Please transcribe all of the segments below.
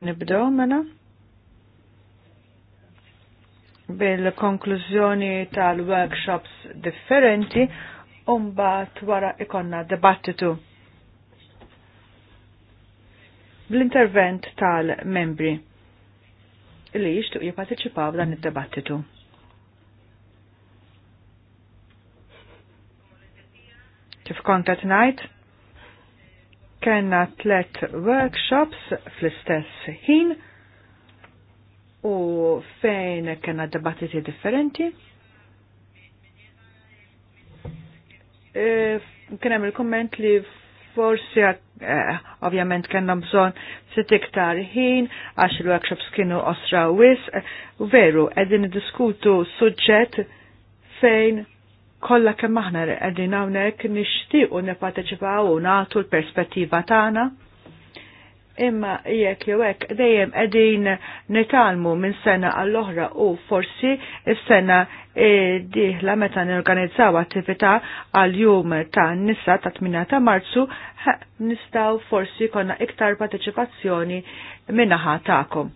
Nibdew mela bil-konklużjoni tal-workshops differenti umbat wara ikonna debattitu. Bl-intervent tal-membri li jishtuq jipartiċipaw dan id-debattitu. Kif kontat najt? kena tlet workshops fl-istess ħin u fejn kena debattiti differenti. E, kena il-komment li forsi e, ovvjament kena bżon sitt iktar ħin għax il-workshops kienu osra wis, veru, edin diskutu suġġett fejn Kolla kemm aħna qegħdin hawnhekk nixtiequ nipparteċipaw u nagħtu l-perspettiva tagħna. Imma jekk jew hekk dejjem qegħdin nitalmu minn sena għall-oħra u forsi s-sena e, diħla meta nirganizzaw attività għal jum ta' nisa ta' 8 ta' marzu nistaw forsi konna iktar partecipazzjoni minnaħa ta'kom.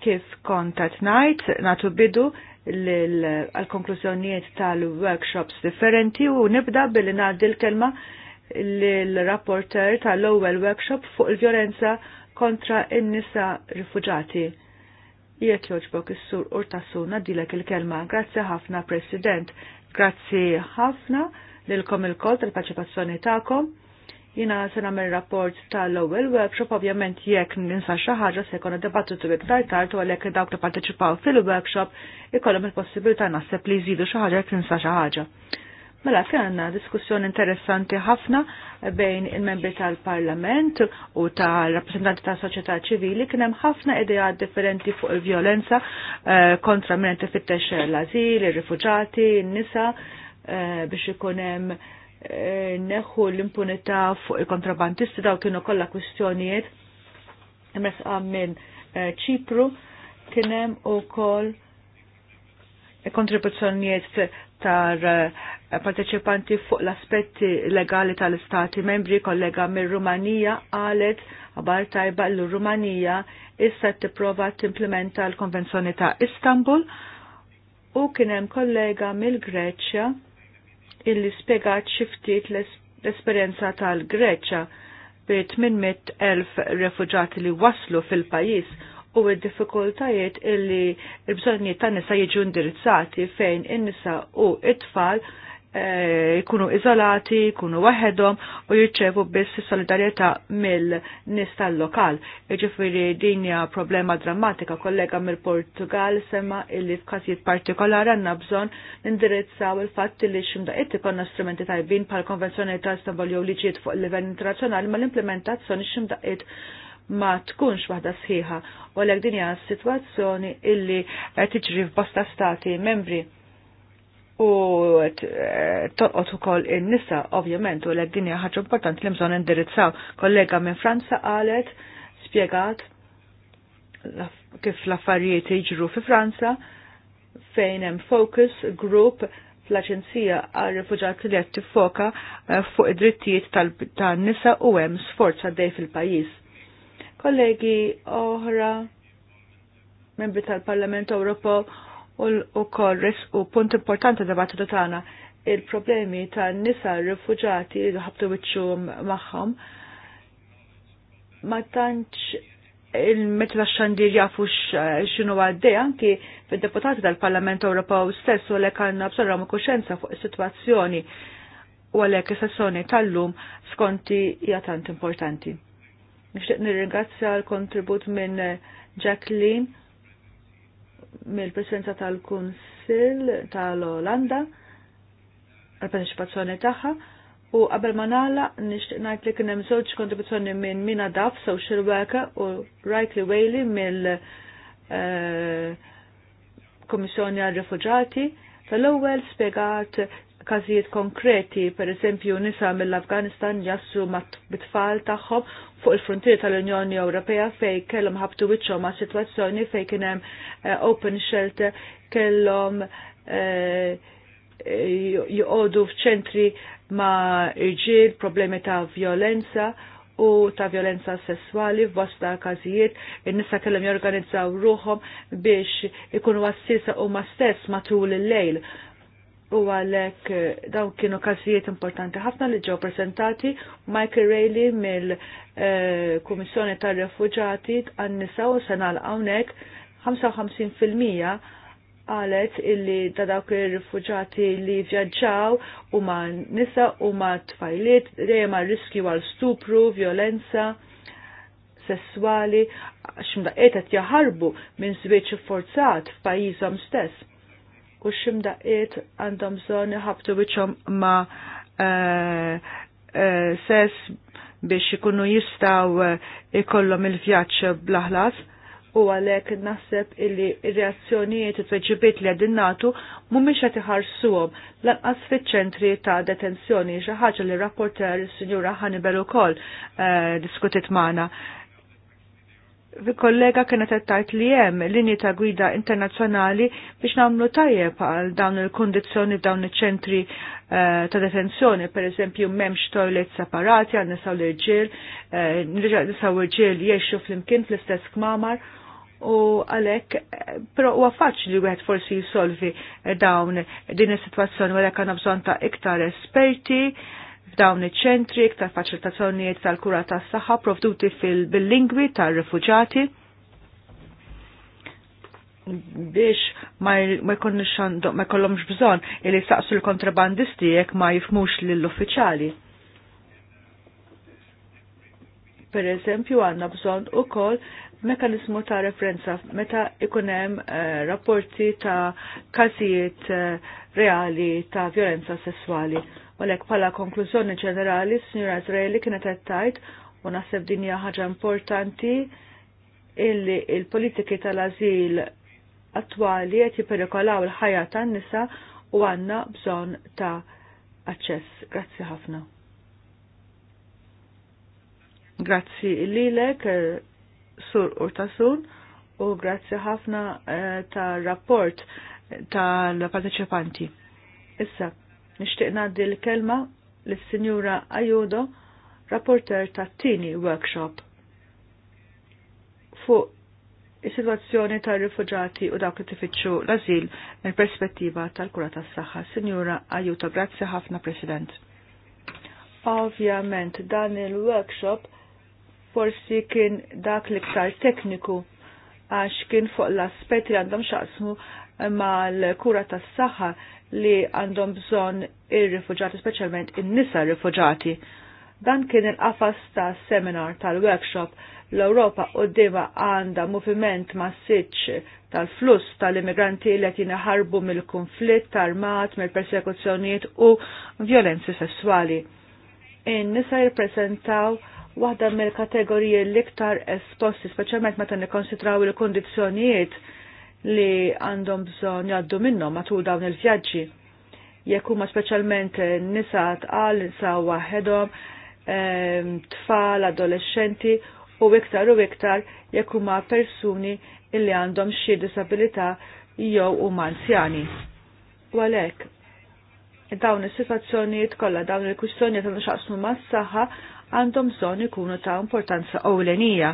Kif kontat najt, natu bidu, għal konklusjoniet tal-workshops differenti u nibda billi ngħaddi l-kelma l-rapporter tal-ewwel workshop fuq il-vjolenza kontra in-nisa rifuġati. Jekk joġbok is-sur urtasuna dilek il-kelma. Grazzi ħafna, President. Grazzi ħafna lilkom il-kol tal-paċipazzjoni tagħkom Jina se nagħmel rapport tal-ewwel workshop ovvjament jekk ninsa xi ħaġa se jkun dibattitu iktar tard u għalhekk dawk li parteċipaw fil-workshop ikollhom il-possibilità naħseb li jżidu xi ħaġa jekk ninsa xi ħaġa. Mela għanna diskussjoni interessanti ħafna bejn il-membri tal-Parlament u tal-rappresentanti tal-soċjetà ċivili kien hemm ħafna idea differenti fuq il-vjolenza eh, kontra minn tifittex l-azil, ir-rifuġati, n-nisa eh, biex ikun hemm Eh, neħu l-impunità fuq il-kontrabandisti daw kienu kollha kwistjonijiet imresqa minn eh, ċipru kien hemm ukoll kontribuzzjonijiet tar eh, parteċipanti fuq l-aspetti legali tal-istati membri kollega mir rumanija għalet għabar tajba l-Rumanija issa tipprova timplementa l-Konvenzjoni ta' Istanbul u kienem kollega mill-Greċja illi spiegat xiftit l-esperjenza tal-Greċa bi 800.000 refuġati li waslu fil-pajis u d-diffikultajiet illi l bżonni tan nisa jiġu indirizzati fejn in-nisa u it-tfal Eh, jkunu izolati, jkunu waħedhom u jirċevu biss solidarjetà mill-nies tal-lokal. Iġifiri din hija problema drammatika. Kollega mill-Portugal sema illi f'każijiet partikolari għandna bżonn nindirizzaw il-fatt li x'imdaqiet ikollna strumenti tajbin bħal konvenzjoni ta' Istanbul jew liġijiet fuq il-livell internazzjonali ma l-implementazzjoni x'imdaqiet ma tkunx waħda sħiħa u għalhekk din hija sitwazzjoni illi tiġri f'bosta stati membri u eh, toqgħod ukoll in-nisa ovvjament u l dinja ħaġa importanti li bżonn indirizzaw. Kollega minn Franza qalet spjegat kif l-affarijiet jiġru fi Franza fejn hemm focus group fl aġenzija għal Rifuġati li qed tiffoka eh, fuq id-drittijiet tan-nisa u hemm sforza għaddej fil-pajjiż. Kollegi oħra membri tal-Parlament Ewropew u kol u punt importanti debattu tagħna il-problemi ta' nisa rifuġati li ħabtu wiċċu magħhom ma tantx il-metla xandir jafu xinu għaddej anki fil-deputati tal-Parlament Ewropew stess u lek għanna bżorra kuxenza fuq is-sitwazzjoni u għalek is-sessjoni tal-lum skonti hija tant importanti. Nixtieq nirringrazzja l-kontribut minn Jacqueline mill presenza tal-Kunsill tal-Olanda għal-parteċipazzjoni tagħha u qabel ma nagħla nixtieq ngħid li kien hemm żewġ kontribuzzjoni minn Mina Daf, social worker u Rightly Whaley mill eh, Kommissjoni għal-Refuġati tal-ewwel spjegat kazijiet konkreti, per eżempju nisa mill-Afganistan jassu mat tfal tagħhom fuq il-frontier tal-Unjoni Ewropea fej kellhom ħabtu wiċċhom ma' sitwazzjoni fej kienem hemm uh, open shelter kellhom uh, joqogħdu f'ċentri ma' irġiel, problemi ta' violenza u ta' violenza sessuali f'bosta każijiet, in-nisa kellhom jorganizzaw ruhom biex ikunu assisa huma stess matul il-lejl u għalek eh, daw kienu kasijiet importanti ħafna li ġew presentati Michael Rayleigh mill-Kummissjoni eh, tar-Refuġati għan-nisa u senal hawnhekk 55% għalet illi ta' dawk ir-rifuġati li vjaġġaw u ma' nisa u ma' tfajliet dejjem riskju għal stupru, violenza sessuali, xmda qed jaħarbu minn żwieġ forzat f'pajjiżhom stess u ximdaqiet għandhom bżonn ħabtu biċom ma eh, eh, sess biex ikunu jistaw eh, ikollom il-vjaġġ blaħlas u għalek naħseb illi reazzjonijiet u tweġibiet li għadin natu mumiex għat iħarsuhom lanqas fiċ-ċentri ta' detenzjoni xi ħaġa li rapporter is-Sinjura Hannibal ukoll kol diskutit magħna vi kollega kienet tettajt li jem linji ta' gwida internazzjonali biex namlu tajjeb għal dawn il-kondizjoni dawn il-ċentri uh, eh, ta' detenzjoni, per eżempju memx toilet separati għal nisaw l-ġil, uh, eh, nisaw l-ġil jiexu fl-imkien fl-istess kmamar u għalek, eh, pero u għafax li għed forsi jisolvi dawn din il-situazzjoni, għalek għanna bżon ta' iktar esperti, f'dawn iċ-ċentri iktar faċilitazzjonijiet tal-kura tas-saħħa provduti fil-lingwi tar-rifuġati biex ma jkollhomx bżonn li saqsu l-kontrabandisti jekk ma jifmux lill-uffiċjali. Per eżempju għandna bżonn ukoll mekanizmu ta' referenza meta ikunem hemm eh, rapporti ta' każijiet eh, reali ta' violenza sessuali U pala konklużjoni ġenerali, s njura Izraeli kienet għettajt, u naħseb din hija ħaġa importanti, illi il-politiki tal-azil attwali qed jiperikolaw il-ħajja tan-nisa u għandna bżonn ta' aċċess. Grazzi ħafna. Grazzi lilek, eh, Sur Urtasun, u grazzi ħafna eh, ta' rapport tal-parteċipanti. Issa, Nixtieq ngħaddi l-kelma lis-Sinjura Ajudo, rapporter tat-tieni workshop fuq is-sitwazzjoni ta' rifugjati u dawk li tifittxu l-azil mill perspettiva tal-kura tas-saħħa. Sinjura Ajuto, grazzi ħafna President. Ovvjament dan il-workshop forsi kien dak l-iktar tekniku għax kien fuq l-aspet li għandhom xaqsmu mal-kura tas saħħa li għandhom bżon ir-rifuġati, specialment in-nisa rifuġati. Dan kien il-qafas ta' seminar tal-workshop l-Europa u dima għanda moviment massiċ tal-fluss tal-immigranti li għatina ħarbu mill-konflitt, armat, mill-persekuzzjoniet u violenzi sessuali. In-nisa jirpresentaw waħda mill-kategoriji l-iktar esposti, speċjalment meta nikkonsidraw il-kondizzjonijiet li għandhom bżonn jgħaddu minnhom matul dawn il-vjaġġi. Jekk huma speċjalment nisa tqal, nisa waħedhom, tfal, adolescenti u iktar u iktar jekk huma persuni illi għandhom xi disabilità jew huma anzjani. U għalhekk dawn is-sitwazzjonijiet kollha dawn il-kwistjonijiet għandhom xaqsmu mas-saħħa għandhom bżonn ikunu ta' importanza ewlenija.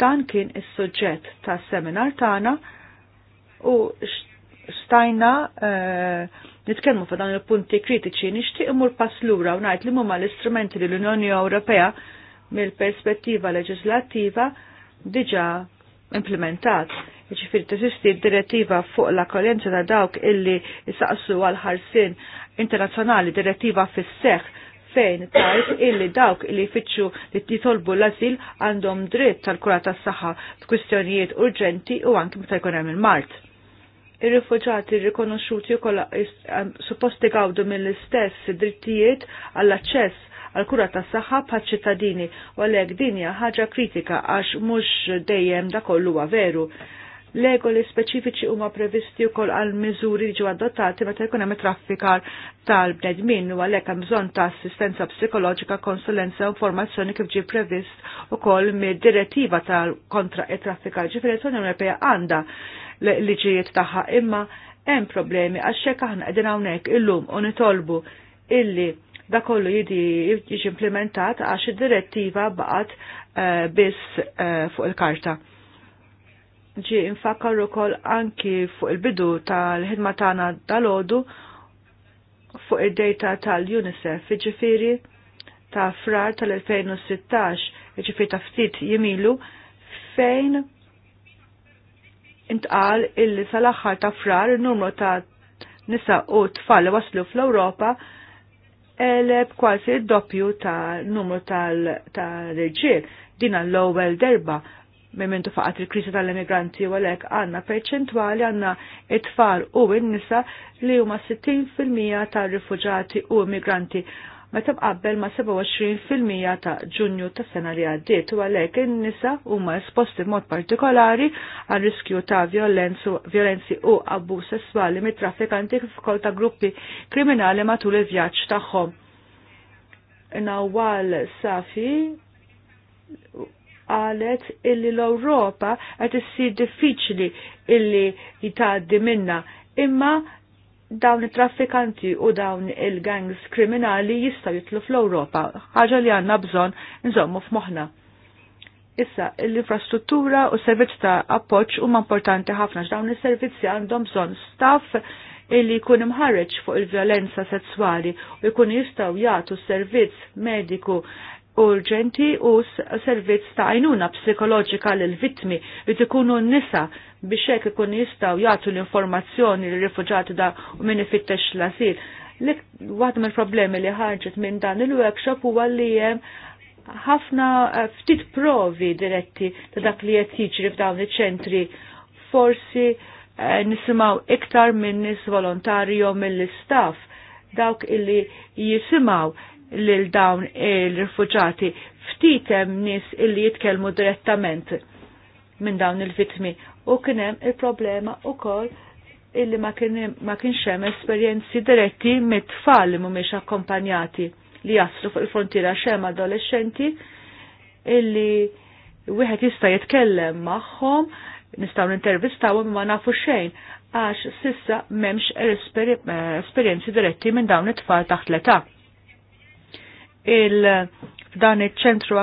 Dan kien is-suġġett tas seminar tagħna u stajna eh, nitkellmu fa' dan il-punti kritiċi nixtieq imur pass lura u ngħid li huma l-istrumenti li l-Unjoni Ewropea mill-perspettiva leġislattiva diġà implementat. Ġifir tesisti direttiva fuq l-akkoljenza ta' dawk illi jisaqsu għal ħarsien internazzjonali direttiva fis seħħ fejn tajt illi dawk li fitxu li jitolbu l-azil għandhom dritt tal-kura tas-saħħa f'kwistjonijiet urġenti u anki meta jkun hemm il-Mart. Ir-rifuġati rikonoxxuti wkoll supposti gawdu mill-istess drittijiet għall-aċċess għal kura ta' saħħa bħal ċittadini u għalhekk din hija ħaġa kritika għax mhux dejjem da kollu huwa veru. Legoli speċifiċi huma previsti wkoll għal miżuri li ġew adottati meta jkun hemm traffikar tal-bnedmin u għalhekk hemm bżonn ta' assistenza psikoloġika, konsulenza u informazzjoni kif ġie previst ukoll mid-direttiva tal-kontra it-traffikar. Ġifieri l-Unjoni Ewropea għandha liġijiet tagħha imma hemm problemi għax xekk aħna qegħdin hawnhekk illum u nitolbu illi da kollu jidi jiġi implementat għax id-direttiva baqat eh, biss eh, fuq il-karta ġi infakkar ukoll anki fuq il-bidu tal-ħidma tagħna dal-għodu fuq id-data tal-UNICEF, iġifieri ta' frar tal-2016, ġifiri ta' ftit jimilu, fejn intqal illi sal aħħar ta' frar il-numru ta' nisa u tfal li waslu fl ewropa eleb kważi id-doppju ta' numru tal-irġiel. din l-ewwel derba mementu faqat il-kriżi tal-immigranti u għalhekk għandna perċentwali għandna it-tfal u n-nisa li huma 60% tal rifuġati u immigranti meta qabel ma' 27% ta' ġunju ta' sena li għaddiet u għalhekk in-nisa huma esposti mod partikolari għal riskju ta' violenzi u abbuż sesswali mit-traffikanti kif ta' gruppi kriminali matul il-vjaġġ tagħhom. Nawal Safi qalet illi l-Ewropa qed issir diffiċli illi jitgħaddi minna. Imma dawn it-traffikanti u dawn il-gangs kriminali jistgħu jitlu fl-Ewropa, ħaġa li għandna bżonn nżommu f'moħħna. Issa, l-infrastruttura u servizz ta' appoġġ huma importanti ħafna x'dawn is-servizzi għandhom bżonn staff illi jkun imħarreġ fuq il-violenza sessuali u jkun jistgħu jagħtu servizz mediku urġenti u servizz ta' għajnuna psikoloġika l vittmi li tikunu n-nisa biex hekk ikun jistgħu jagħtu l-informazzjoni li rifuġati da u min ifittex l-asil. Waħda mill-problemi li ħarġet minn dan il-workshop huwa li hemm ħafna eh, ftit provi diretti ta' dak li qed jiġri f'dawn iċ-ċentri forsi eh, nisimgħu iktar minn nis volontarju mill-istaff dawk illi jisimaw lil dawn il-rifuġati ftit hemm nies illi jitkellmu direttament minn dawn il-vitmi u kien hemm il-problema wkoll illi ma kienx hemm esperjenzi diretti mit-tfal li mhumiex akkompanjati li jaslu fuq il-frontiera xem adolescenti illi wieħed jista' jitkellem magħhom nistgħu nintervistawhom ma nafu xejn għax sissa m'hemmx eh, esperjenzi diretti minn dawn it-tfal taħt l-età il- f'dan il ċentru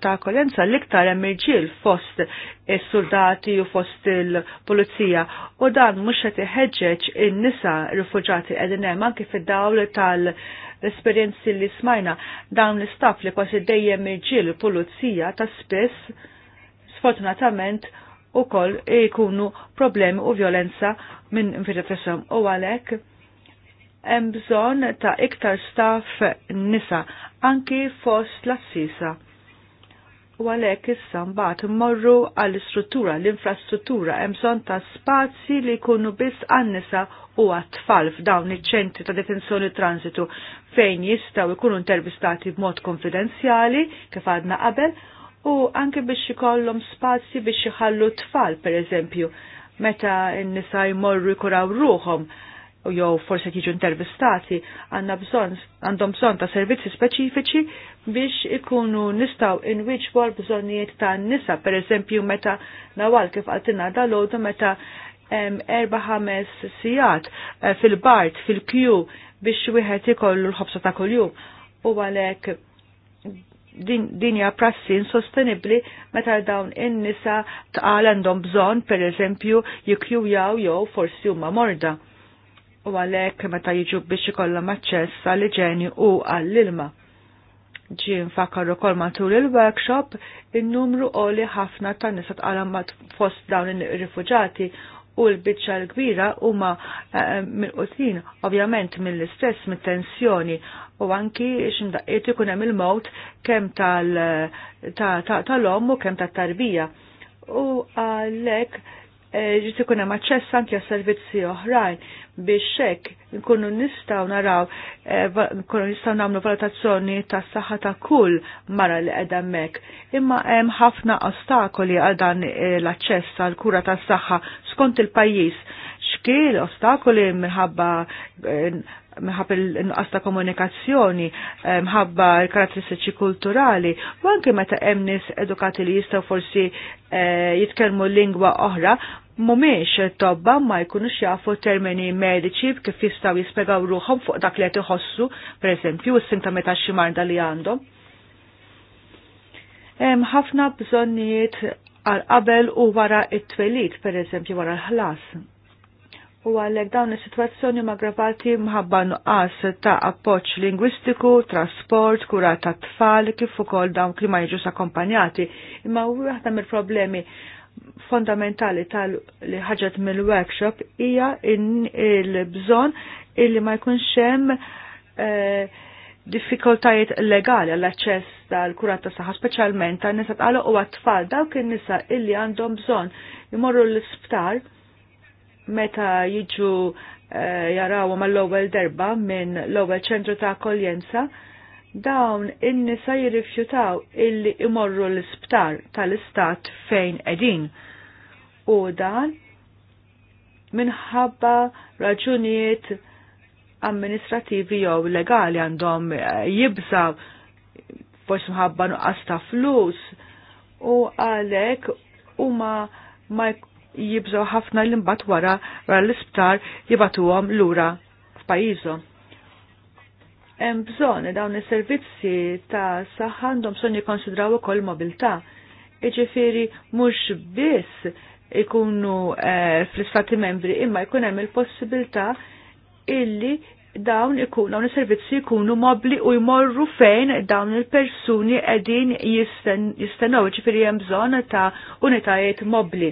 ta' akkoljenza l-iktar hemm irġiel fost il soldati u fost il-pulizija u dan mhux qed iħeġġeġ in-nisa rifuġati qegħdin hemm anke fid-dawl tal-esperjenzi li smajna dawn l-istaff li kwasi dejjem irġiel pulizija ta' spiss sfortunatament ukoll ikunu problemi u violenza minn fil u għalhekk hemm bżonn ta' iktar staff nisa anki fost l-assisa. U għalhekk issa mbagħad immorru għall-istruttura, l-infrastruttura hemm bżonn ta' spazji li jkunu biss għan-nisa u għat-tfal f'dawn iċ-ċentri ta' detenzjoni transitu fejn jistgħu jkunu intervistati b'mod konfidenzjali kif għadna qabel u anke biex ikollhom spazji biex iħallu tfal pereżempju meta n-nisa jmorru jkuraw ruhom u jew forse jiġu intervistati għandna bżonn għandhom bżonn ta' servizzi speċifiċi biex ikunu nistgħu which war bżonnijiet ta' nisa, pereżempju meta nawal kif għaltina dal-għodu meta erba ħames sijat eh, fil-bart, fil-kju biex wieħed ikollu l-ħobsa ta' kuljum. U għalhekk din dinja prassi insostenibbli meta dawn in-nisa tqal għandhom bżonn pereżempju jikjujaw jew forsi huma morda u għalhekk meta jiġu biex ikollhom aċċess għall ġeni u għall-ilma. Ġi nfakkar ukoll matul il-workshop in-numru qoli ħafna tan nisa tqalam fost dawn ir-rifuġati u l-bicċa l-kbira huma eh, eh, mill-qutin, ovvjament mill-istess, mit-tensjoni u anki x'indaqqiet ikun hemm il-mowt kemm tal-om u kemm tat-tarbija. U għalhekk eh, ġiet ikun hemm aċċess għas servizzi oħrajn biex hekk nkunu nistgħu naraw eh, nkunu nistgħu nagħmlu valutazzjoni tas saħħa ta' kull mara li qiegħda hemmhekk. Imma hemm ħafna ostakoli għal dan eh, l-aċċess għal kura tas saħħa skont il-pajjiż. Xkiel ostakoli minħabba eh, minħabba l-nuqqas ta' komunikazzjoni, minħabba l-karatteristiċi kulturali, u anke meta hemm nies edukati li jistgħu forsi jitkellmu lingwa oħra, mumiex tobba ma jkunux jafu termini mediċi kif jistaw jispegaw ruħom fuq dak li qed iħossu, pereżempju, s-sintomi ta' xi li għandhom. Hemm ħafna bżonnijiet għal qabel u wara it-twelid, pereżempju wara l-ħlas. U għalhekk dawn is-sitwazzjoni magravati mħabba nuqqas ta' appoġġ lingwistiku, trasport, kura ta' tfal kif ukoll dawn li ma jiġux akkompanjati. Imma waħda mill-problemi fondamentali tal li ħaġet mill-workshop hija il-bżon illi ma jkunx hemm eh, diffikultajiet legali għall-aċċess tal-kurat ta' saħħa speċjalment tan nisa tqalu u għat-tfal dawk in-nisa illi għandhom bżonn jmorru l-isptar meta jiġu eh, mal-ewwel derba minn l-ewwel ċentru ta' akkoljenza dawn in-nisa jirrifjutaw illi imorru l-isptar tal-istat fejn edin. U dan minħabba raġunijiet amministrativi jew legali għandhom eh, jibżaw forsi mħabba nuqqas ta' flus u għalek huma ma jibżaw ħafna l-imbat wara wara l-isptar jibatuhom lura f'pajjiżhom hemm bżonn dawn is-servizzi ta' saħħa għandhom bżonn jikkonsidraw ukoll mobilità. Iġifieri mhux biss ikunu eh, fl-istati membri imma jkun hemm il-possibilità illi dawn ikun dawn is-servizzi jkunu mobli u jmorru fejn dawn il-persuni qegħdin jistennew jiġifieri hemm bżonn ta' unitajiet mobli.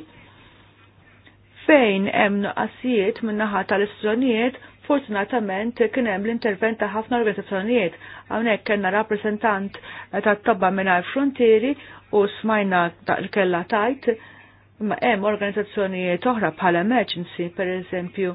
Fejn hemm nuqqasijiet min-naħa tal-istituzzjonijiet Fortunatament kien hemm l-intervent ta' ħafna organizzazzjonijiet hawnhekk kellna rappreżentant tat-tobba mingħajr frontieri u smajna kellha tajt ma hemm organizzazzjonijiet oħra bħala emergency pereżempju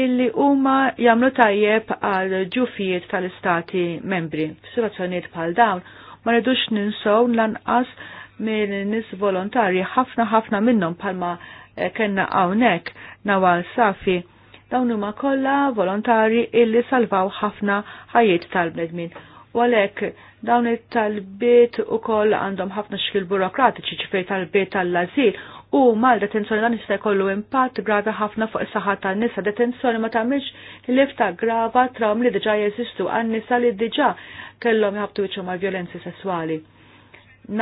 illi huma jagħmlu tajjeb għal ġufijiet tal-istati membri. F'sitwazzjonijiet bħal dawn ma rridux ninsow lanqas minn nies volontarji ħafna ħafna minnhom bħalma eh, kellna hawnhekk nawal safi Dawn huma kollha volontari illi salvaw ħafna ħajjiet tal-bnedmin. U għalhekk dawn it-talbiet ukoll għandhom ħafna xkil burokratiċi ċifej talbiet tal lażil u mal detenzjoni dan jista' jkollu impatt gravi ħafna fuq is-saħħa tan-nisa. Detenzjoni ma tagħmilx lifta grava trawm li diġà jeżistu għan-nisa li diġà kellhom jħabtu wiċċhom mal violenzi sesswali.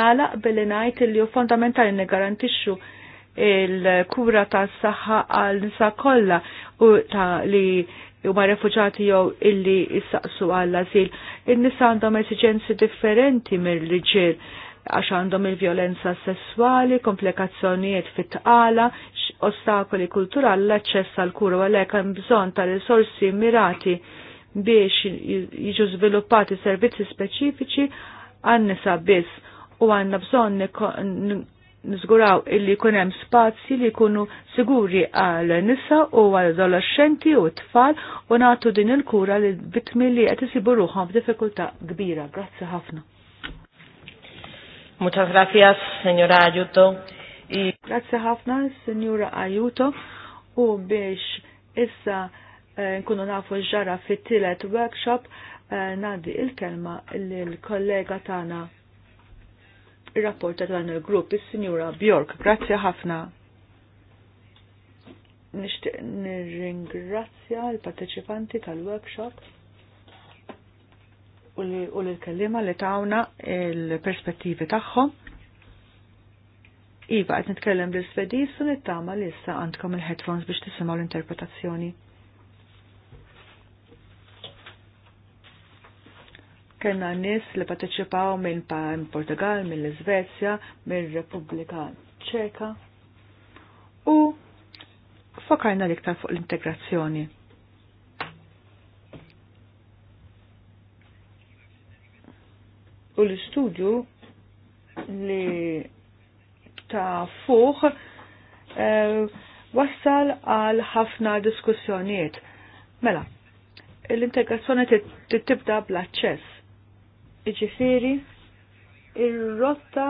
Nalaq billi ngħid illi hu fondamentali niggarantixxu il-kura tas saħħa għal nisa kollha u ta' li huma refuġati jew illi jissaqsu għall azil In-nisa għandhom esiġenzi differenti mill-riġiel għax għandhom il-vjolenza sessuali, komplikazzjonijiet fit-tqala, ostakoli kulturali l access għal kura u għalhekk hemm bżonn ta' risorsi mirati biex jiġu żviluppati servizzi speċifiċi għan-nisa biss u għandna bżonn nizguraw illi kunem spazi li kunu siguri għal nisa u għal adolescenti u tfal u natu din il-kura li bitmi li għet isibu ruħom f'difikulta kbira. Grazzi ħafna. Muchas gracias, señora Ayuto. I... Grazie ħafna, signora Ayuto. U biex issa eh, nkunu nafu ġara fit-tielet workshop eh, nadi il-kelma l-kollega tana il-rapport ta' dan il-grupp, il-Sinjura Bjork. Grazzi ħafna. Nishtiq nirringrazzja l-parteċipanti tal-workshop u l-kellima li tawna il-perspettivi tagħhom. Iva, għed nitkellem bl-Svedis u nittama li jissa għandkom il-headphones biex tisimaw l-interpretazzjoni. kena nis li pateċipaw minn pa Portugal, minn l-Svezja, minn Repubblika Ċeka. U fokarna liktar fuq l-integrazzjoni. U l-istudju li ta' fuq eh, wassal għal ħafna diskussjonijiet. Mela, l-integrazzjoni tibda bl-aċċess Iġifiri, il-rotta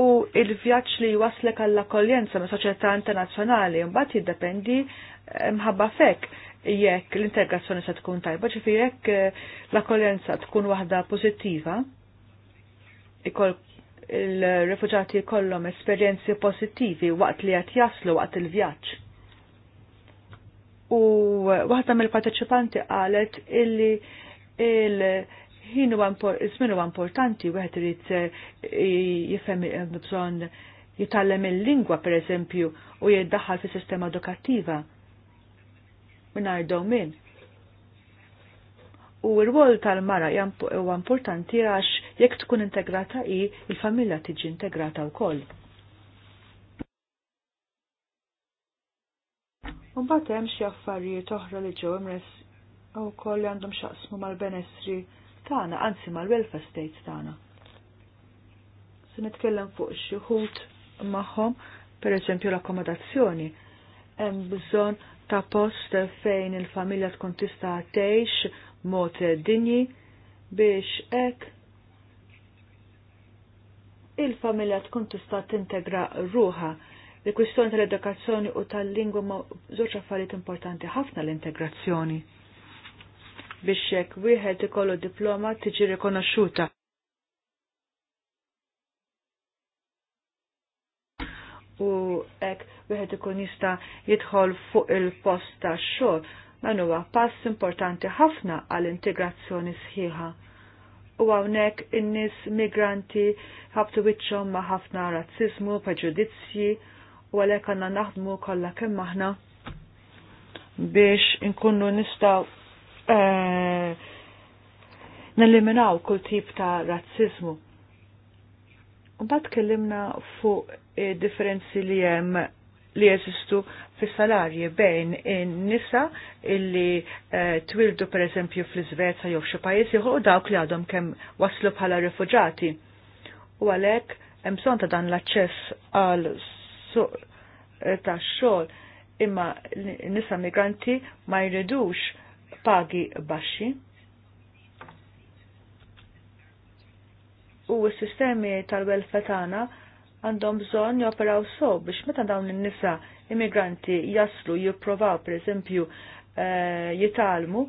u il-vjaċ li waslek għall-akkoljenza ma' soċjetà internazzjonali, mbagħad jiddependi eh, mħabba fek jekk l-integrazzjoni se tkun tajba, ġifi jekk eh, l-akkoljenza tkun waħda pożittiva, il-refuġati jkollhom esperjenzi pożittivi waqt li qed jaslu waqt il-vjaġġ. U waħda mill-parteċipanti qalet illi il-, -il ħinu sminu importanti wieħed irid eh, jifhem bżonn jitallem il-lingwa pereżempju u jiddaħħal fis-sistema edukattiva mingħajr domin. U r-wol tal-mara huwa importanti għax jekk tkun integrata hi il-familja tiġi integrata wkoll. Mbagħad hemm xi affarijiet oħra li ġew imres u koll li għandhom xaqsmu mal-benessri għansi anzi mal-welfare states tagħna. Se nitkellem fuq xi maħom, magħhom, pereżempju l-akkomodazzjoni, hemm bżonn ta' post fejn il-familja tkun tista' tgħix mod dinji biex hekk il-familja tkun tista' tintegra ruha. Il-kwistjoni tal-edukazzjoni u tal-lingwa ma' żewġ affarijiet importanti ħafna l-integrazzjoni biex jekk wieħed ikollu diploma tiġi rikonoxxuta. U hekk wieħed ikun jista' jidħol fuq il-post tax-xogħol dan huwa pass importanti ħafna għall integrazzjoni sħiħa. U hawnhekk in-nies migranti ħabtu wiċċhom ma' ħafna razziżmu, preġudizzji u għalhekk għandna naħdmu kollha kemm aħna biex inkunu nistgħu Eh, neliminaw kull tip ta' razzizmu. bat kellimna fuq eh, differenzi li hemm li jeżistu fis salarji bejn in-nisa illi eh, twildu pereżempju fl-Iżvezja jew xi pajjiż ieħor u dawk li għadhom kemm waslu bħala rifuġati. U għalhekk hemm bżonn ta' dan l-aċċess għal ta' tax xogħol imma n-nisa migranti ma jridux pagi baxxi. U s-sistemi tal welfetana tagħna għandhom bżonn joperaw so biex meta dawn in-nisa immigranti jaslu jipprovaw pereżempju eh, jitalmu,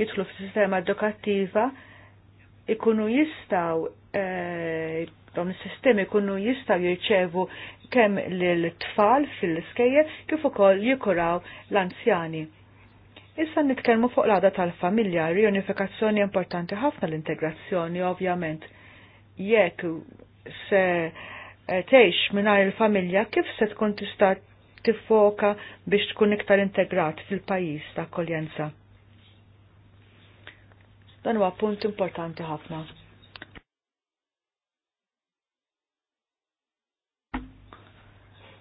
jidħlu f-sistema edukattiva, ikunu jistaw, eh, dawn is-sistemi ikunu jistaw jirċevu kemm lil tfal fil-iskejjer kif ukoll jikuraw l-anzjani. Issa nitkellmu fuq l-għada tal-familja, riunifikazzjoni importanti ħafna l-integrazzjoni, ovvjament. Jekk se eh, tgħix mingħajr il-familja, kif se tkun tista' tifoka biex tkun iktar integrat fil-pajjiż ta' koljenza Dan huwa punt importanti ħafna.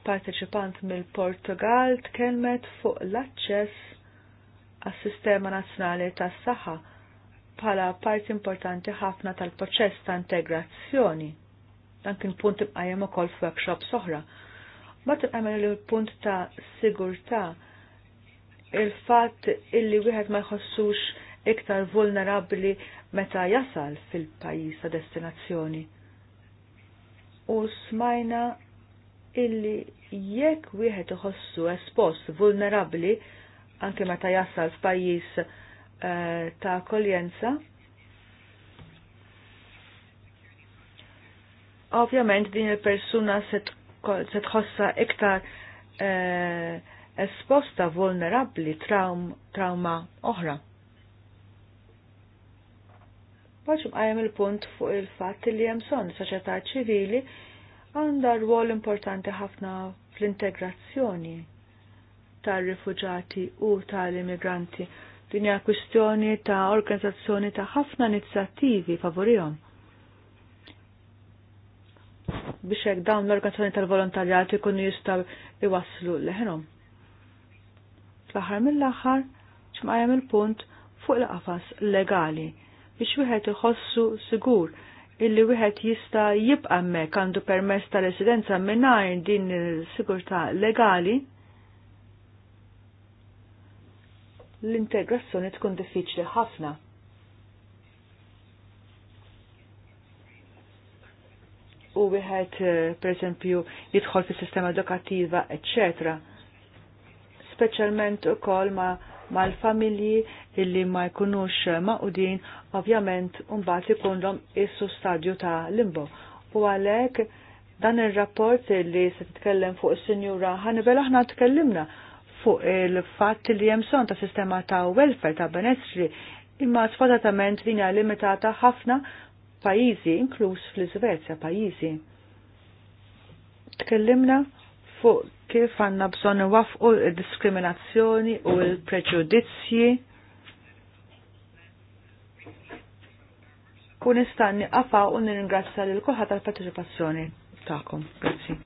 Parteċipant mill-Portugal tkellmet fuq l-aċċess għas-Sistema Nazzjonali tas-Saħħa bħala parti importanti ħafna tal-proċess ta' integrazzjoni. Dan kien punt imqajjem ukoll f'workshop soħra. Mbagħad tinqajem il-punt ta' sigurtà il-fatt illi wieħed ma jħossux iktar vulnerabbli meta jasal fil-pajjiż ta' destinazzjoni. U smajna illi jekk wieħed iħossu espost vulnerabbli anke meta jassal f'pajjiż uh, ta' akkoljenza. Ovvjament din il-persuna se tħossa iktar uh, esposta vulnerabli traum, trauma oħra. Paċum għajem il-punt fuq il-fat li son, soċjetà ċivili għandha rwol importanti ħafna fl-integrazzjoni tar-rifuġati u tal-immigranti. Din hija kwistjoni ta' organizzazzjoni ta' ħafna inizjattivi favorihom. Biex hekk dawn l-organizzazzjoni tal-volontarjat ikunu jistgħu iwasslu leħenhom. Fl-aħħar mill-aħħar ċmaqjem il-punt fuq il-qafas legali biex wieħed iħossu sigur illi wieħed jista' jibqa' hemmhekk għandu permess ta' residenza mingħajr din il-sigurtà legali l-integrazzjoni tkun diffiċli ħafna. U wieħed eh, pereżempju jidħol fis-sistema edukattiva, eċċetera. Speċjalment ukoll ma mal-familji illi ma jkunux maqudin, ovvjament mbagħad ikunhom issu stadju ta' limbo. U għalhekk dan ir-rapport li se titkellem fuq is-Sinjura Hannibal aħna tkellimna fuq il-fatt li hemm ta' sistema ta' welfare ta' benessri imma sfadatament din hija limitata ħafna pajjiżi inkluż fl-Iżvezja pajjiżi. Tkellimna fuq kif għandna bżonn wafqu diskriminazzjoni u l-preġudizzji kun istanni qafa u nirringrazzja lil kulħadd tal-partiċipazzjoni tagħkom. Grazzi.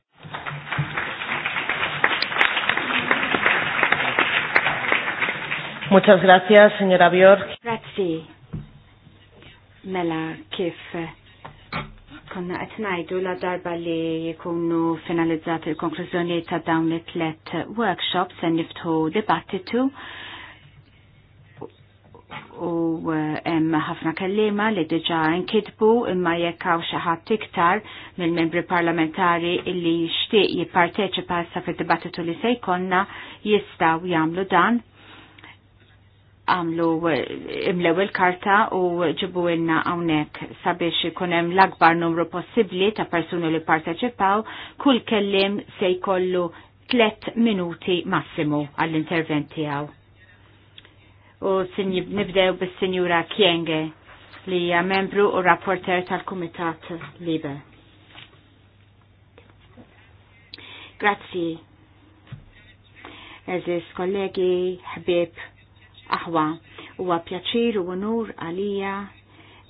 Muchas gracias, signora Bjork. Grazzi. Mela, kif konna ngħidu la darba li jikunu finalizzati l-konklużjoni ta' dawn li tlet workshops se niftħu dibattitu u hemm ħafna kellima li diġa nkitbu imma jekk hawn xi ħadd iktar mill-membri parlamentari illi jixtieq jipparteċipa sa fid-dibattitu li se jkollna jistgħu jagħmlu dan għamlu eh, imlew il-karta u ġibu inna għawnek sabiex ikunem l-akbar numru possibli ta' persuni li parteċipaw, kull kellim se jkollu 3 minuti massimu għall-interventi għaw. U nibdew bis-Sinjura Kienge li hija membru u rapporter tal-Kumitat Libe. Grazzi. Eżis kollegi, ħbib, aħwa. Huwa pjaċir u nur għalija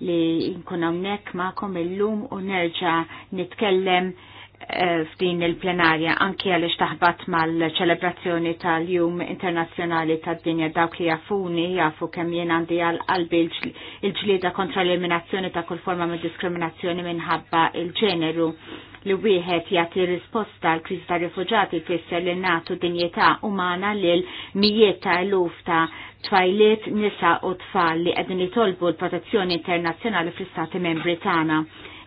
li nkun hawnhekk magħkom illum u nerġa' nitkellem eh, f'din il-plenarja anki għaliex taħbat mal-ċelebrazzjoni tal-Jum Internazzjonali tad-Dinja dawk li jafuni jafu kemm jien għandi għal-qalbi il-ġlieda kontra l-eliminazzjoni ta' kull forma minn diskriminazzjoni minħabba il-ġeneru. l il ġeneru li wieħed jagħti risposta għal kriżi ta' rifuġati fisser li nagħtu dinjità umana lil mijiet ta' eluf ta' twajliet nisa u tfal li qegħdin jitolbu l-protezzjoni internazzjonali fl-Istati Membri tagħna.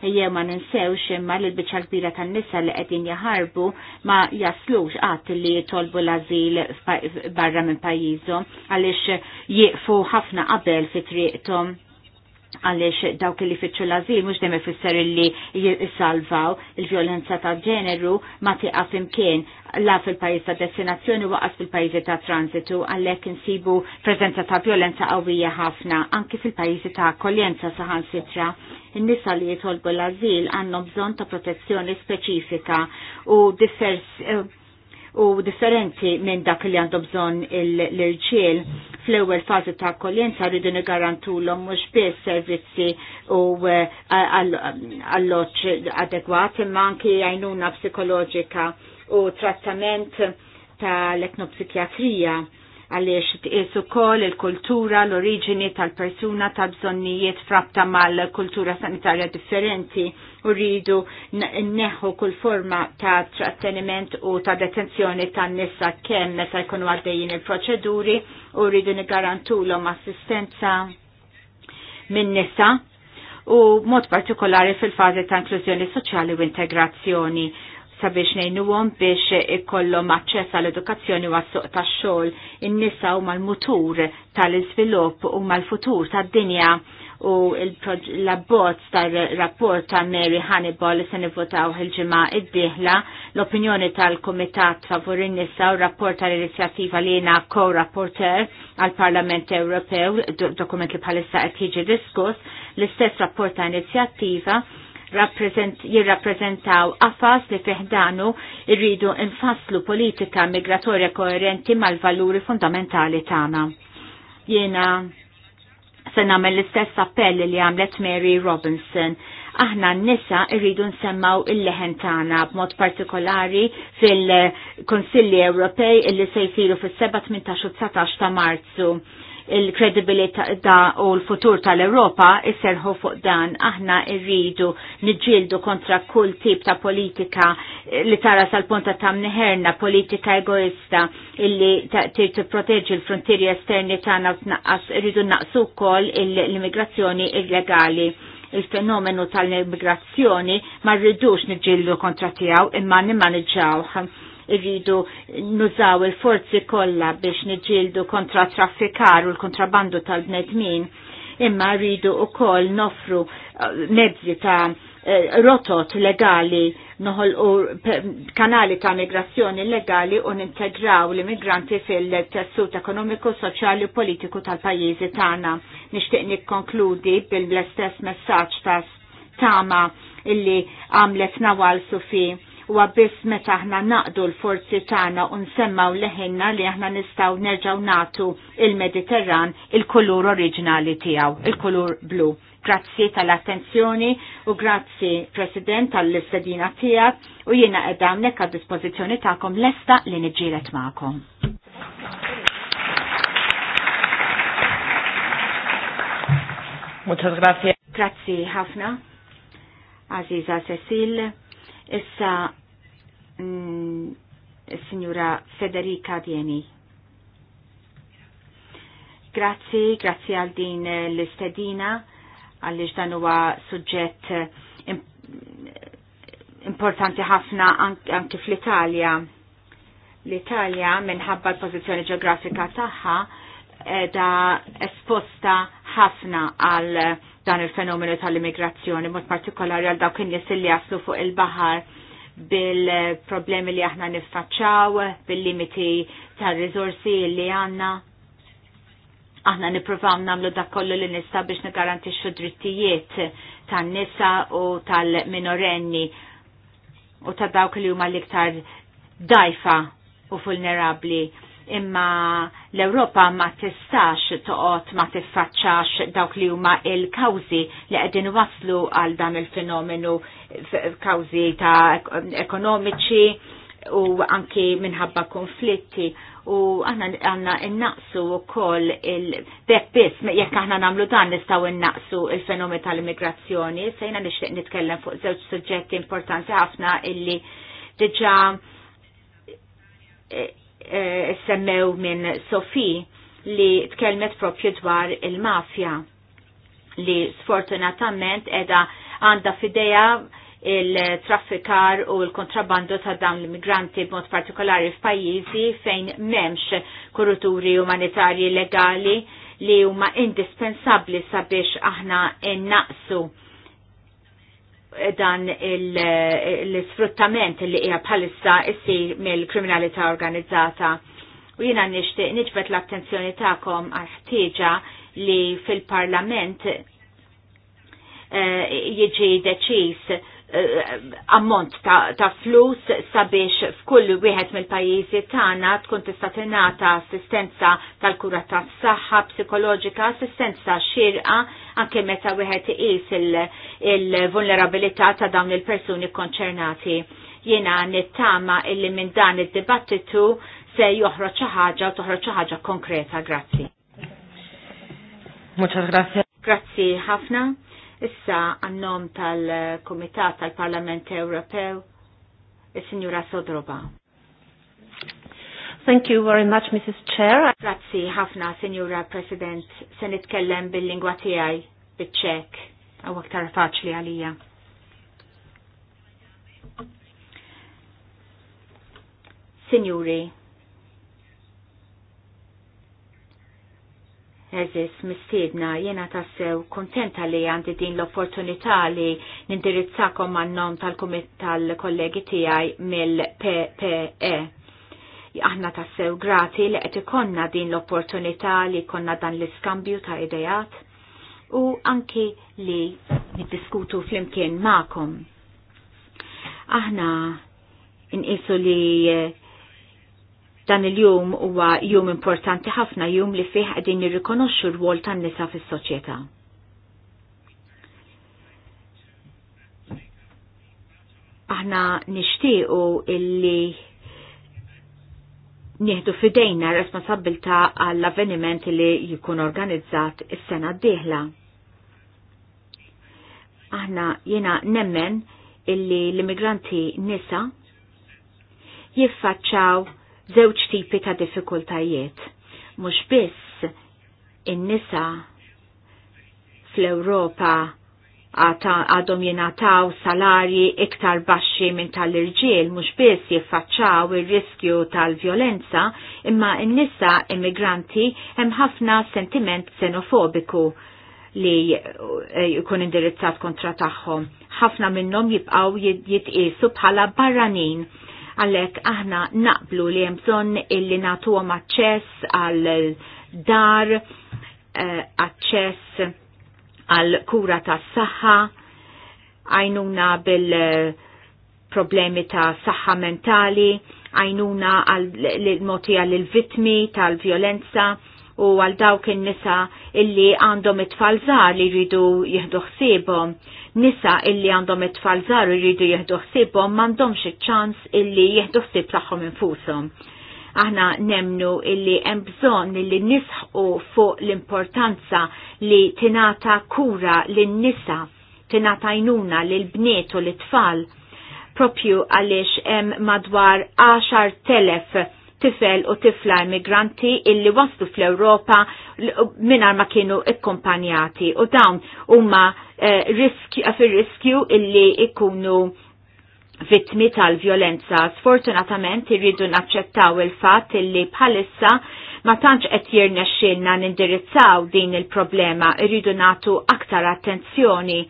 Ejjew ma ninsewx imma li l-biċċa kbira tan-nisa li qegħdin jaħarbu ma jaslux qatt li jitolbu l-ażil barra minn pajjiżhom għaliex jieqfu ħafna qabel fi triqthom għaliex dawk li fitxu l-azil mux dem ifisser li jisalvaw il-violenza ta' ġeneru ma tiqaf imkien la fil pajjiż ta' destinazzjoni waqas fil pajjiżi ta' transitu għalek insibu prezenza ta' violenza qawwija ħafna anki fil pajjiżi ta' akkoljenza saħan sitra. In-nisa li jitolbu l-azil għandhom bżon ta' protezzjoni speċifika u diversi eh, u differenti minn dak li għandhom bżonn l-irġiel fl-ewwel fażi ta' akkoljenza rridu nigarantulhom mhux biss servizzi u eh, alloġġ adegwat imma anki għajnuna psikoloġika u trattament tal-etnopsikjatrija għaliex tqis ukoll il-kultura, l-oriġini tal-persuna, tal-bżonnijiet frabta mal-kultura sanitarja differenti u rridu neħu kull forma ta' tratteniment u ta' detenzjoni ta' nissa kemm meta jkunu għaddejjin il-proċeduri u rridu nigarantulhom assistenza minn nisa u mod partikolari fil-fazi ta' inklużjoni soċjali u integrazzjoni sabiex għom biex ikollhom aċċess għall edukazzjoni u għas-suq tax-xogħol in-nisa huma l-mutur tal-iżvilupp u mal-futur tad-dinja u l-abbozz tal-rapport ta' Mary Hannibal li se nivvotaw il-ġimgħa id-dieħla l-opinjoni tal-Kumitat Favorin nisa u rapport tal-inizjattiva li jiena co-rapporter għal-Parlament Ewropew, dokument li bħalissa qed jiġi diskuss, l-istess rapport ta' inizjattiva jirrappreżentaw għafas li fiħdanu irridu infaslu politika migratorja koerenti mal-valuri fundamentali tagħna. Jiena se nagħmel l-istess appell li għamlet Mary Robinson. Aħna n-nisa irridu nsemmaw il-leħen tagħna b'mod partikolari fil-Konsilli Ewropej illi se jsiru fis-7 18 ta' Marzu il-kredibilità u l-futur tal-Europa isserħu fuq dan. Aħna irridu niġġieldu kontra kull tip ta' politika li tara sal-punta ta' mniħerna, politika egoista illi tir proteġi l-frontieri esterni tagħna tnaqqas irridu naqsu wkoll l-immigrazzjoni illegali il-fenomenu tal-immigrazzjoni ma rridux niġġieldu kontra tiegħu imma nimmaniġġawh irridu nużaw il-forzi kollha biex niġildu kontra traffikar u l-kontrabandu tal-bnedmin, imma rridu wkoll nofru eh, mezzi ta' eh, rotot legali noħol u kanali ta' migrazzjoni legali u nintegraw l-immigranti fil-tessut ekonomiku, soċjali u politiku tal-pajjiżi tagħna. Nixtieq nikkonkludi bil-istess messaġġ ta' tama illi għamlet nawal sufi u għabis meta aħna naqdu l-forzi tagħna u nsemmaw leħinna li aħna nistgħu nerġgħu natu il-Mediterran il-kulur oriġinali tiegħu, il-kulur blu. Grazzi tal-attenzjoni u grazzi President tal-istedina tijak u jiena qed hawnhekk għad-dispożizzjoni tagħkom lesta li niġġieled magħkom. Muchas gracias. Grazie ħafna. Aziza Cecil. Issa, mm, signora Federica Dieni. Grazzi, grazie għal din eh, l-istedina, għallix dan huwa suġġett eh, importanti ħafna anke fl-Italja. L-Italja minħabba l-pożizzjoni ġeografika tagħha da esposta ħafna għal dan il-fenomenu tal-immigrazzjoni, mod partikolari għal dawk in-nies li jaslu fuq il-baħar bil-problemi li aħna niffaċċaw, bil-limiti tal-rizorsi li għanna. Aħna niprofaw namlu dak kollu li nista biex nigarantixxu drittijiet tan-nisa u tal-minorenni u ta' dawk li huma l-iktar dajfa u vulnerabli imma l-Europa ma tistax toqot ma tiffaċċax dawk li huma il-kawzi li qegħdin waslu għal dan il-fenomenu kawzi ta' ekonomiċi u anki minħabba konflitti u aħna għanna innaqsu u koll il-beppis, jekk aħna namlu dan nistaw innaqsu il-fenomen tal-immigrazzjoni, sejna nixtieq nitkellem fuq żewġ suġġetti importanti ħafna illi diġa Eh, semmew minn Sofi li tkellmet propju dwar il-mafja li sfortunatament edha għanda fideja il-traffikar u l kontrabando ta' dawn l-immigranti b'mod partikolari f'pajjiżi fejn memx kuruturi umanitarji legali li huma indispensabbli sabiex aħna innaqsu dan l-sfruttament li hija bħalissa issir mill-kriminalità organizzata. U jiena nixtieq niġbet l-attenzjoni tagħkom għal ħtieġa li fil-Parlament eh, jiġi deċiż Eh, ammont ta', ta flus sabiex f'kull wieħed mill-pajjiżi tagħna tkun tista' tingħata assistenza tal-kura tas-saħħa psikoloġika, assistenza xirqa anke meta wieħed iqis il-vulnerabilità il ta' dawn il-persuni konċernati. Jiena nittama illi minn dan id-dibattitu se joħroġ xi ħaġa u toħroġ xi ħaġa konkreta. Grazzi. Muchas gracias. Grazzi ħafna Issa għannom tal-Komitat tal-Parlament Ewropew, il-Sinjura Sodroba. Thank you very much, Mrs. Chair. Grazzi ħafna, Signora President, se nitkellem bil-lingwa tiegħi biċ-ċek, għu aktar faċli għalija. Signori, Eżis, mistiedna, jena tassew kontenta li għandi din l-opportunità li nindirizzakom għannom tal-kollegi tal tijaj mill-PPE. Aħna tassew grati li għet ikonna din l-opportunità li konna dan l-iskambju ta' idejat u anki li niddiskutu fl-imkien ma'kom. Aħna inqisu li eh, Dan il-jum huwa jum importanti ħafna jum li fih qegħdin nirrikonoxxu r-wol tan-nisa fis-soċjetà. Aħna nixtiequ illi nieħdu fidejna responsabilta għall avveniment li jkun organizzat is-sena d-dieħla. Aħna jiena nemmen illi l-immigranti nisa jiffaċċaw żewġ tipi ta' diffikultajiet. Mhux biss in-nisa fl-Ewropa għadhom jenataw salarji iktar baxxi minn tal-irġiel mhux biss jiffaċċaw ir-riskju tal-vjolenza, imma n-nisa immigranti hemm ħafna sentiment xenofobiku li jkun indirizzat kontra tagħhom. Ħafna minnhom jibqgħu jitqiesu bħala barranin għallek aħna naqblu li jemżon illi għom aċċess għal dar, eh, aċċess għal kura tas saħħa, għajnuna bil eh, problemi ta' saħħa mentali, għajnuna għal moti għal il-vitmi tal-violenza, u għal dawk in-nisa illi għandhom it-tfal żgħar li jridu jieħdu ħsiebhom. Nisa illi għandhom it-tfal żgħar jridu jieħdu ħsiebhom m'għandhomx iċ-ċans illi jihdu xsib tagħhom infushom. Aħna nemnu illi hemm bżonn illi nisħu fuq l-importanza li tingħata kura lin-nisa, tingħata jnuna lill-bniet u l-tfal propju għaliex hemm madwar 10,000 tifel u tifla immigranti illi waslu fl-Europa minar ma kienu ikkompanjati u dawn huma eh, fir-riskju illi ikunu vittmi tal-violenza. Sfortunatament irridu naċċettaw il-fatt illi bħalissa ma tantx qed jirnexxilna nindirizzaw din il-problema, irridu nagħtu aktar attenzjoni.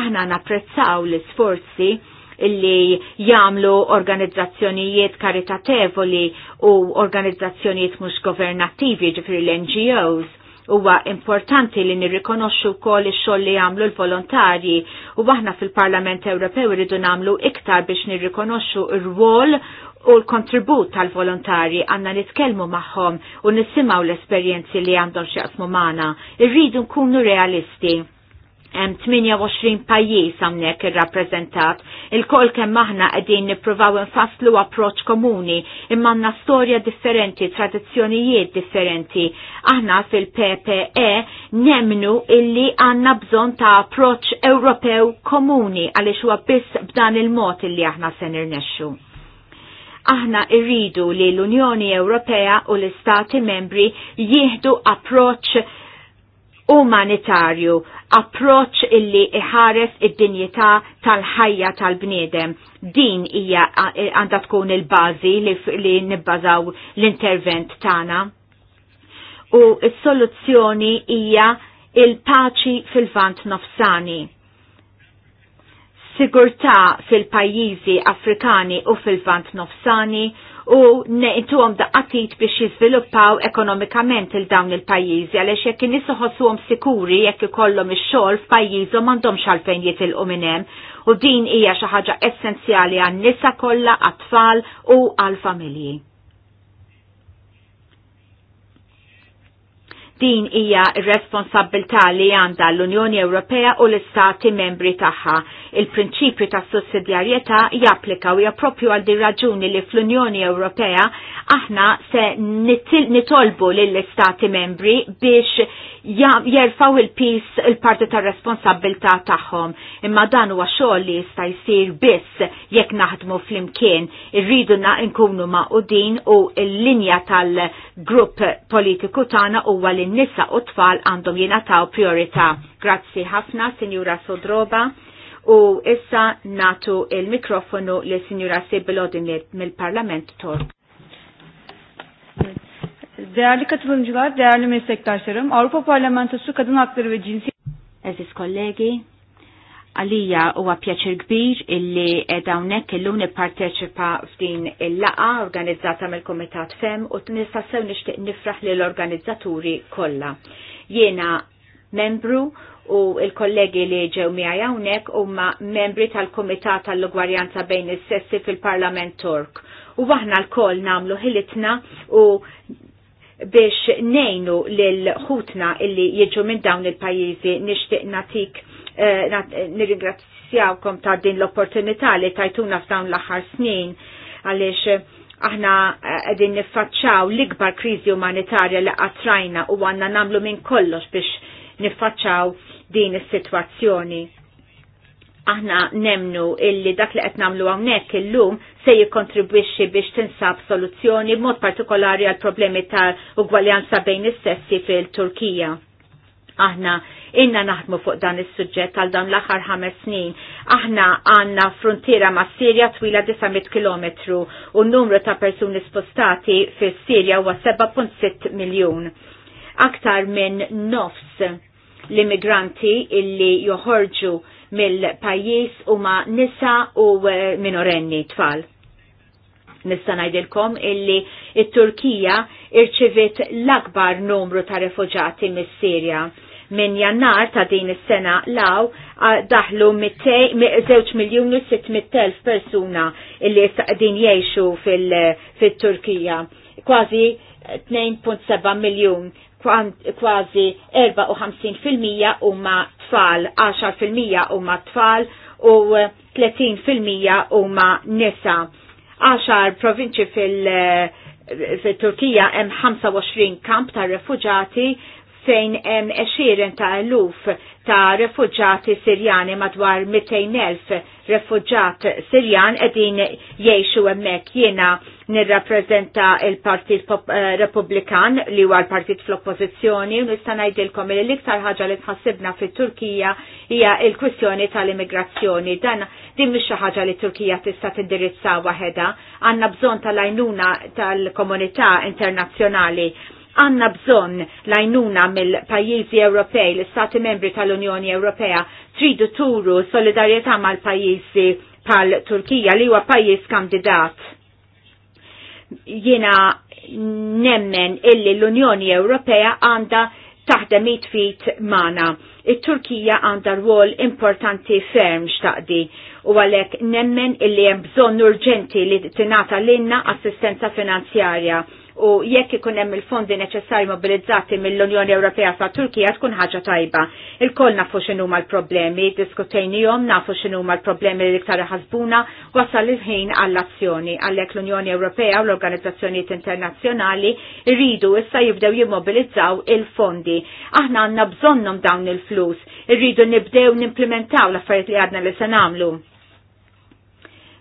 Aħna napprezzaw l-isforzi illi jamlu organizzazzjonijiet karitatevoli u organizzazzjonijiet mhux governattivi ġifri l-NGOs. Huwa importanti li nirrikonoxxu wkoll ix-xogħol li jagħmlu l-volontarji u aħna fil-Parlament Ewropew irridu nagħmlu iktar biex nirrikonoxxu r-rwol u l-kontribut tal-volontari għanna nitkelmu maħħom u nisimgħu l-esperienzi li għandhom xieqsmu maħna. Irridu nkunu realisti. 28 pajjiż hawnhekk irrappreżentat. Il-kol kemm aħna qegħdin nippruvaw infasslu approċċ komuni imma għandna storja differenti, tradizzjonijiet differenti. Aħna fil-PPE nemnu illi għandna bżonn ta' approċċ Ewropew komuni għaliex huwa biss b'dan il-mod illi aħna se nirnexxu aħna irridu li l-Unjoni Ewropea u l-Istati membri jieħdu approċ umanitarju, approċ illi iħares id-dinjità tal-ħajja tal-bniedem. Din hija e, għandha tkun il-bażi li, li nibbażaw l-intervent tagħna. U s-soluzzjoni hija il-paċi fil-vant nofsani. Sigurtà fil-pajjiżi Afrikani u fil-vant nofsani u nejtu għom daqqatit biex jizviluppaw ekonomikament il-dawn il-pajizi għalix jekk nisuħosu għom sikuri jekk ikollhom ix-xogħol f'pajjiżhom m'għandhomx għalfejn jitilqu minn hemm u din hija xi ħaġa essenzjali għan-nisa kollha, għat-tfal u għall-familji. Din hija r-responsabilità li għandha l-Unjoni Ewropea u l-Istati membri tagħha. Il-prinċipju ta' sussidjarjetà japplika u jappropju għal din raġuni li fl-Unjoni Ewropea aħna se nitolbu lill-Istati membri biex jerfaw il-pis il-parti tar responsabilta tagħhom. Imma dan huwa xogħol li jista' jsir biss jekk naħdmu flimkien irridu nkunu ma' din u l-linja tal-grupp politiku tagħna huwa li nisa u tfal għandhom jingħataw priorità. Grazzi ħafna, Sinjura Sodroba. U issa natu il-mikrofonu li Sinjura Sibyl Odinir mill-Parlament Tork. Değerli katılımcılar, değerli meslektaşlarım, Avrupa Parlamentosu Kadın Hakları ve Cinsiyet... Aziz kollegi, għalija huwa pjaċir kbir illi dawnek illum nipparteċipa f'din il-laqa organizzata mill-Komitat FEM u nistassew nixtieq nifraħ lil organizzaturi kollha. Jiena membru u il-kollegi li ġew miegħi hawnhekk huma membri tal-Komitat tal-Ugwarjanza bejn is-sessi fil-Parlament Tork. U aħna l-koll namlu ħilitna u biex nejnu l-ħutna illi jieġu minn dawn il-pajizi nishtiq natik eh, nirringrazzjawkom ta' din l-opportunità li tajtuna f'dawn l-aħħar snin għaliex aħna eh, għedin niffaċċaw l-ikbar kriżi umanitarja li għatrajna u għanna namlu minn kollox biex niffaċċaw din is-sitwazzjoni aħna nemnu illi dak li qed nagħmlu hawnhekk illum se jikkontribwixxi biex tinsab soluzzjoni b'mod partikolari għal problemi tal-ugwaljanza bejn is-sessi fil-Turkija. Aħna inna naħdmu fuq dan is-suġġett għal dawn l-aħħar ħames snin. Aħna għandna frontiera ma' Sirja twila 900 km u n-numru ta' persuni spostati fis sirja huwa 7.6 miljun. Aktar minn nofs l-immigranti illi joħorġu mill-pajjiż huma nisa u eh, minorenni tfal. Nista' ngħidilkom illi il turkija irċivit l-akbar numru ta' refuġati mis-Sirja Min jannar ta' din is-sena law daħlu 2 miljun u 600.000 persuna illi din jgħixu fil-Turkija. Kważi 2.7 miljun kważi 54% huma tfal, 10% huma tfal u 30% huma nisa. 10 provinċi fil- turkija hemm 25 kamp ta' refuġati fejn hemm eċirin ta' eluf ta' refugġati sirjani madwar 200.000 refugġat sirjan edin jiexu emmek jiena nirrapprezenta il-Partit eh, Republikan li huwa l-partit fl oppożizzjoni u nista' ngħidilkom li l-iktar ħaġa li tħassibna fit-Turkija hija l-kwistjoni tal-immigrazzjoni. Dan din mhix xi ħaġa li Turkija tista' tindirizza waħedha. Għandna bżonn tal-għajnuna tal-komunità internazzjonali għanna bżonn lajnuna mill-pajjiżi Ewropej, l-Stati membri tal-Unjoni Ewropea tridu turu solidarjetà mal-pajjiżi pal Turkija li huwa pajjiż kandidat. Jiena nemmen illi l-Unjoni Ewropea għandha taħdem it-fit mana. It-Turkija għandha rwol importanti ferm xtaqdi u għalek nemmen illi hemm bżonn urġenti li tingħata l-inna assistenza finanzjarja u jekk ikun hemm il-fondi neċessarji mobilizzati mill-Unjoni Ewropea sa' Turkija tkun ħaġa tajba. Il-koll nafu x'inhu l-problemi, diskutejnihom nafu x'inhu l-problemi li iktar ħasbuna wasal il-ħin għall-azzjoni għalhekk l-Unjoni Ewropea u l-organizzazzjonijiet internazzjonali rridu issa jibdew jimmobilizzaw il-fondi. Aħna għandna bżonnhom dawn il-flus, irridu nibdew nimplementaw l-affarijiet li għadna li se nagħmlu.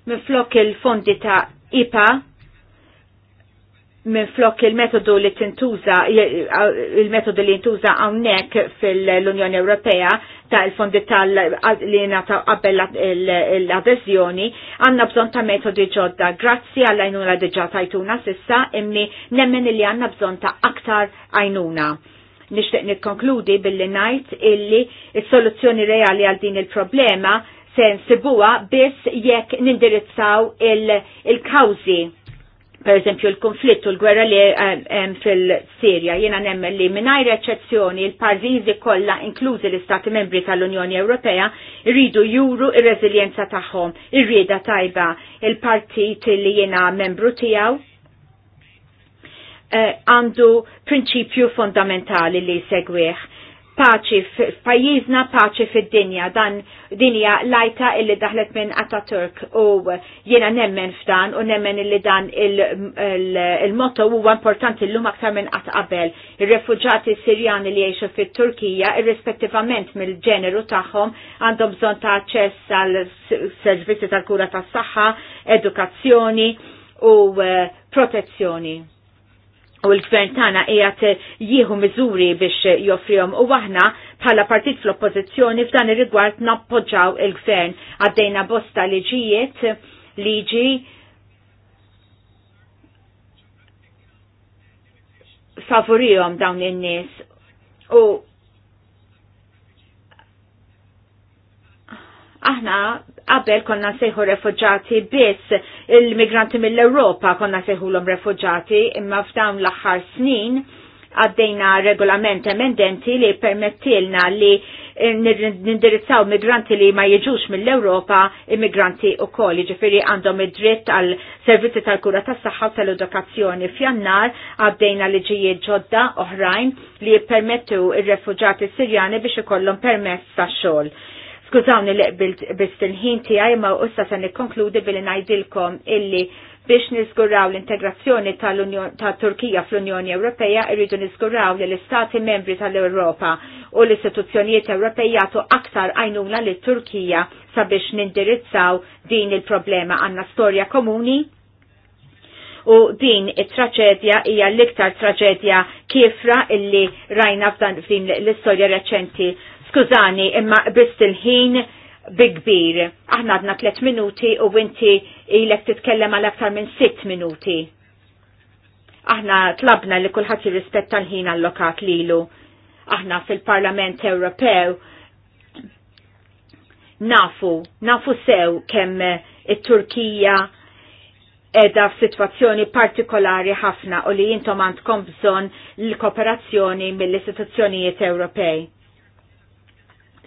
Minflok il-fondi ta' IPA minn flok il-metodu li tintuża il-metodu li jintuża hawnhekk fil-Unjoni Ewropea ta' il-fondi tal li nata qabel l-adeżjoni għandna bżonn ta' metodi ġodda. Grazzi għall għajnuna diġà tajtuna sissa imni nemmen li għandna bżonn ta' aktar għajnuna. Nixtieq nikkonkludi billi ngħid illi s-soluzzjoni reali għal din il-problema se nsibuha biss jekk nindirizzaw il-kawżi. il kawzi il kawżi per esempio l-konflitt u l-gwerra li hemm eh, fil-Sirja, jiena nemmen li mingħajr eċċezzjoni l-pajjiżi kollha inklużi l-Istati Membri tal-Unjoni Ewropea jridu juru ir-reżiljenza tagħhom, irrieda tajba il-partit li jiena membru tiegħu eh, għandu prinċipju fondamentali li segwieħ paċi f'pajjiżna paċi fid-dinja dan dinja lajta illi daħlet minn Ataturk u jiena nemmen f'dan u nemmen illi dan il-motto huwa importanti llum aktar minn qatt qabel. ir refugġati Sirjani li jgħixu fit-Turkija irrispettivament mill-ġeneru tagħhom għandhom bżonn ta' aċċess għal servizzi tal-kura tas-saħħa, edukazzjoni u eh, protezzjoni u l-gvern tagħna qiegħed jieħu miżuri biex joffrihom u aħna bħala partit fl-oppożizzjoni f'dan ir-rigward nappoġġaw il-gvern għaddejna bosta liġijiet liġi favorihom dawn in-nies u Aħna qabel konna sejħu refugġati biss il-migranti mill-Europa konna sejħu l-om refugġati imma f'dawn l-axħar snin għaddejna regolament emendenti li permettilna li nindirizzaw migranti li ma jiġux mill-Europa immigranti u koll. Ġifiri għandhom id-dritt għal servizzi tal-kura tas saħħa u tal-edukazzjoni. Fjannar għaddejna liġijiet ġodda oħrajn li jippermettu ir refugġati Sirjani biex ikollhom permess ta' xogħol Skużawni li qbilt biex il-ħin tiegħi ma issa se nikkonkludi billi ngħidilkom illi biex niżguraw l-integrazzjoni tal-Turkija fl-Unjoni Ewropea irridu niżguraw li l-Istati membri tal-Ewropa u l-istituzzjonijiet Ewropeja tu aktar għajnuna li turkija sabiex nindirizzaw din il-problema għandna storja komuni u din it-traċedja hija l-iktar traċedja kifra illi rajna f'dan f'din l-istorja reċenti Skużani, imma bist il-ħin bi kbir. Aħna għadna 3 minuti u inti ilek titkellem għal aktar minn 6 minuti. Aħna tlabna li kulħadd jirrispetta l-ħin allokat lilu. Aħna fil-Parlament Ewropew nafu, nafu sew kemm it-Turkija edha f'sitwazzjoni partikolari ħafna u li jintom għandkom bżonn l-kooperazzjoni mill-istituzzjonijiet Ewropej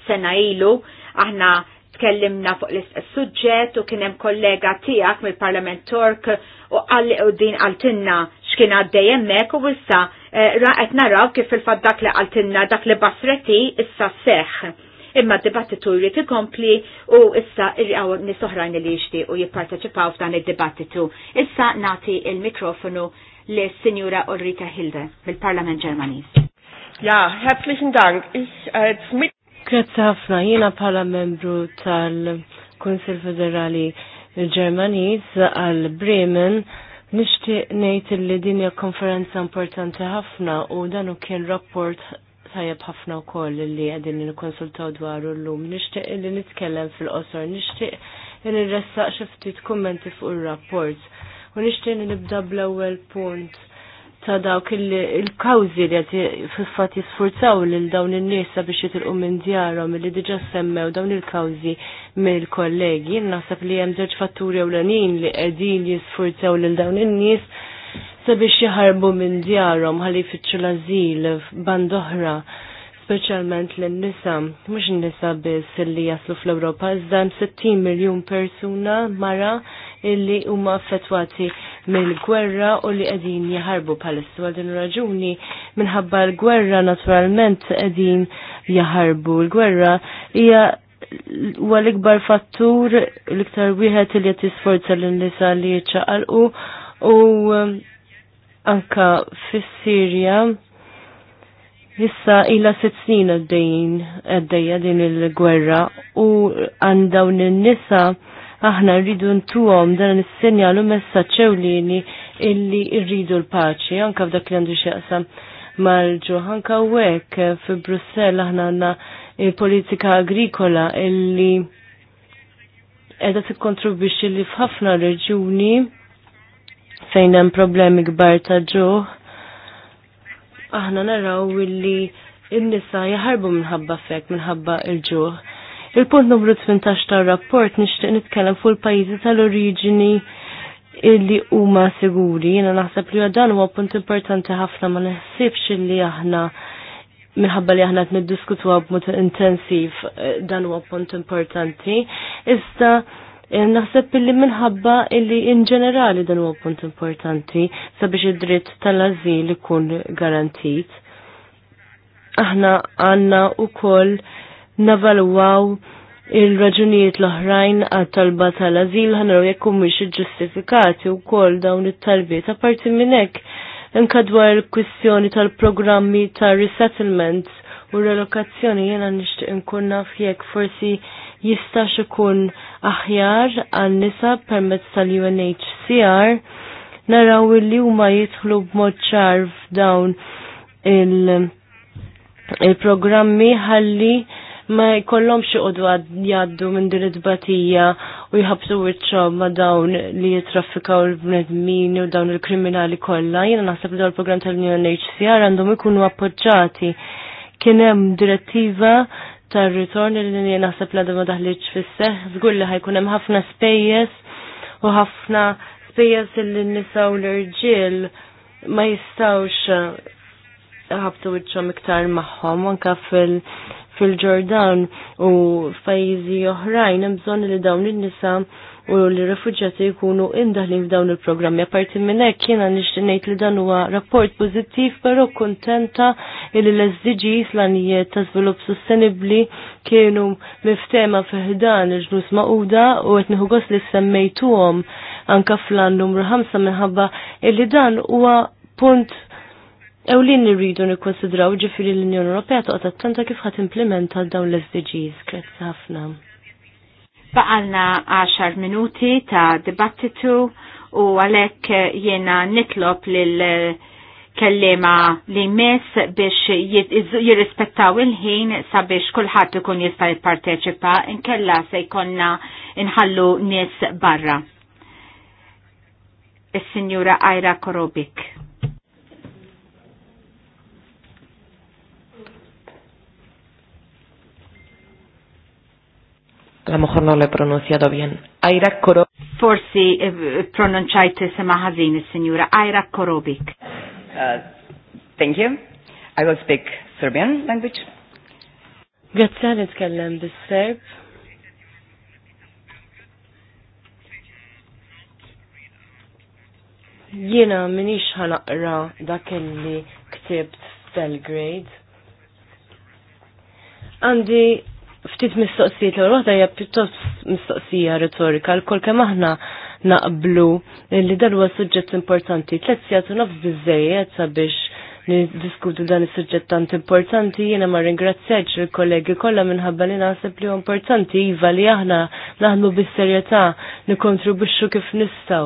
sena ilu aħna tkellimna fuq l-istess suġġett u kien hemm kollega tiegħek mill-Parlament Tork u qalli u din għaltinna x'kien għaddej hemmhekk u issa eh, raqet naraw kif il-fatt dak li għaltinna dak li basreti issa seħħ. Imma d-dibattitu jrid ikompli u issa irqgħu nies oħrajn li jixtiequ jipparteċipaw f'dan id-dibattitu. Issa nagħti il-mikrofonu lis Sinjura Ulrika Hilde mill-Parlament Ġermaniż. Ja, herzlichen Dank. Ich als äh, Grazzi ħafna jiena bħala membru tal-Kunsil Federali Ġermaniż għal Bremen nixtieq ngħid li din hija konferenza importanti ħafna u dan kien rapport tajjeb ħafna wkoll li qegħdin nikkonsultaw dwaru llum. Nixtieq li nitkellem fil-qosor, nixtieq li nressaq xi ftit kummenti fuq ir-rapport. U nixtieq nibda bl-ewwel punt ta' dawk il-kawzi li għati fil-fat jisfurzaw lil dawn il-nisa biex jitilqu minn djarom li diġa semmew dawn il-kawzi mill-kollegi. Naħseb li hemm żewġ fatturi ewlenin li qegħdin jisfurzaw lil dawn in-nies sabiex jaħarbu minn djarom ħalli jfittxu l-ażil bandohra oħra speċjalment lin nisa mhux n-nisa biss li jaslu fl-Ewropa, iżda 60 miljun persuna mara illi huma affettwati mill-gwerra u li qegħdin jaħarbu bħalissa għal din raġuni minħabba l-gwerra naturalment qegħdin jaħarbu l-gwerra hija huwa l-ikbar fattur l-iktar wieħed li qed jisforza lin-nisa li jiċċaqalqu u um, anka fis-Sirja Issa ila sitt snin għaddejn għaddejja din il-gwerra u għandawn il-nisa aħna rridu ntuhom dan nissenjalu messaġġ ewlieni illi rridu l-paċi anke f'dak li għandu xieqsam mal-ġu anke hekk fi Brussell aħna għandna eh, politika agrikola illi edha tikkontribwixxi li f'ħafna reġjuni fejn hemm problemi kbar ta' ġu. aħna naraw illi n-nisa jaħarbu minħabba fek, minħabba il-ġuħ. Il-punt numru 18 tar-rapport nixtieq nitkellem fuq il-pajjiżi tal-oriġini illi huma siguri. Jiena naħseb li dan huwa punt importanti ħafna ma naħsibx illi aħna minħabba li aħna qed niddiskutuha b'mod intensiv eh, dan huwa punt importanti. issa eh, Naħseb illi minħabba illi in ġenerali dan huwa punt importanti sabiex id-dritt tal-azil ikun garantit. Aħna għanna u koll navalwaw il-raġunijiet l-oħrajn għat-talba tal-azil jekku jekk ġustifikati iġġustifikati wkoll dawn it-talbiet. Apparti minn hekk anke dwar il-kwistjoni tal-programmi ta' resettlement u relokazzjoni jiena nixtieq inkun naf jekk forsi jistax ikun aħjar għan nisa permezz tal-UNHCR naraw li huma jidħlu b'mod ċar f'dawn il-programmi il programmi ħalli ma jkollhomx iqogħdu jgħaddu minn din id-batija u jħabsu wiċċhom ma' dawn li jitraffikaw il-bnedmin u dawn il-kriminali kollha. Jiena naħseb li dawn il-programm tal-UNHCR għandhom ikunu appoġġjati. Kien hemm direttiva tar-ritorn li naħseb li għadhom ma daħliġ fis-seħħ, żgur li ħajkun hemm ħafna spejjeż u ħafna spejjeż il nisaw l-irġiel ma jistawx ħabtu wicċa iktar maħħom, anka fil fil-Ġordan u f'pajjiżi oħrajn hemm bżonn li dawn il nisa u li rifuġjati jkunu indaħlin f'dawn il-programmi. Apparti minn hekk jiena ngħid li dan huwa rapport pożittiv però kuntenta li l-SDGs l-għanijiet ta' żvilupp sostenibbli kienu miftema fiħdan il-ġnus maquda u qed nieħu gost li semmejtuhom anka fl-għan numru 5 minħabba illi dan huwa punt Ew li nirridu nikkonsidraw ġifiri l-Unjoni Ewropea toqgħod attenta kif ħadd implementa dawn l-SDGs. Grazzi ħafna. Baqalna 10 minuti ta' dibattitu u għalhekk jiena nitlob lil kellima li mess biex jirrispettaw il-ħin sabiex kulħadd ikun jista' jipparteċipa inkella se jkollna inħallu nies barra. Is-Sinjura Ajra Korobik. a lo mejor no lo he pronunciado bien. Aira Korobik. Forsi eh, pronunciate se ħażin is-Sinjura Aira Korobik. Uh, thank you. I will speak Serbian language. Grazie them the serb Jiena minix ħanaqra dak li ktibt Belgrade. Għandi ftit mistoqsijiet l waħda hija pjuttost mistoqsija retorika l-kol kemm aħna naqblu li dan huwa suġġett importanti. Tliet sigħat u nofs biżejjed sabiex niddiskutu dan is-suġġett tant importanti jiena ma ringrazzjaġġ il-kollegi kollha minħabba li naħseb li importanti iva li aħna naħdmu bis-serjetà nikkontribwixxu kif nistgħu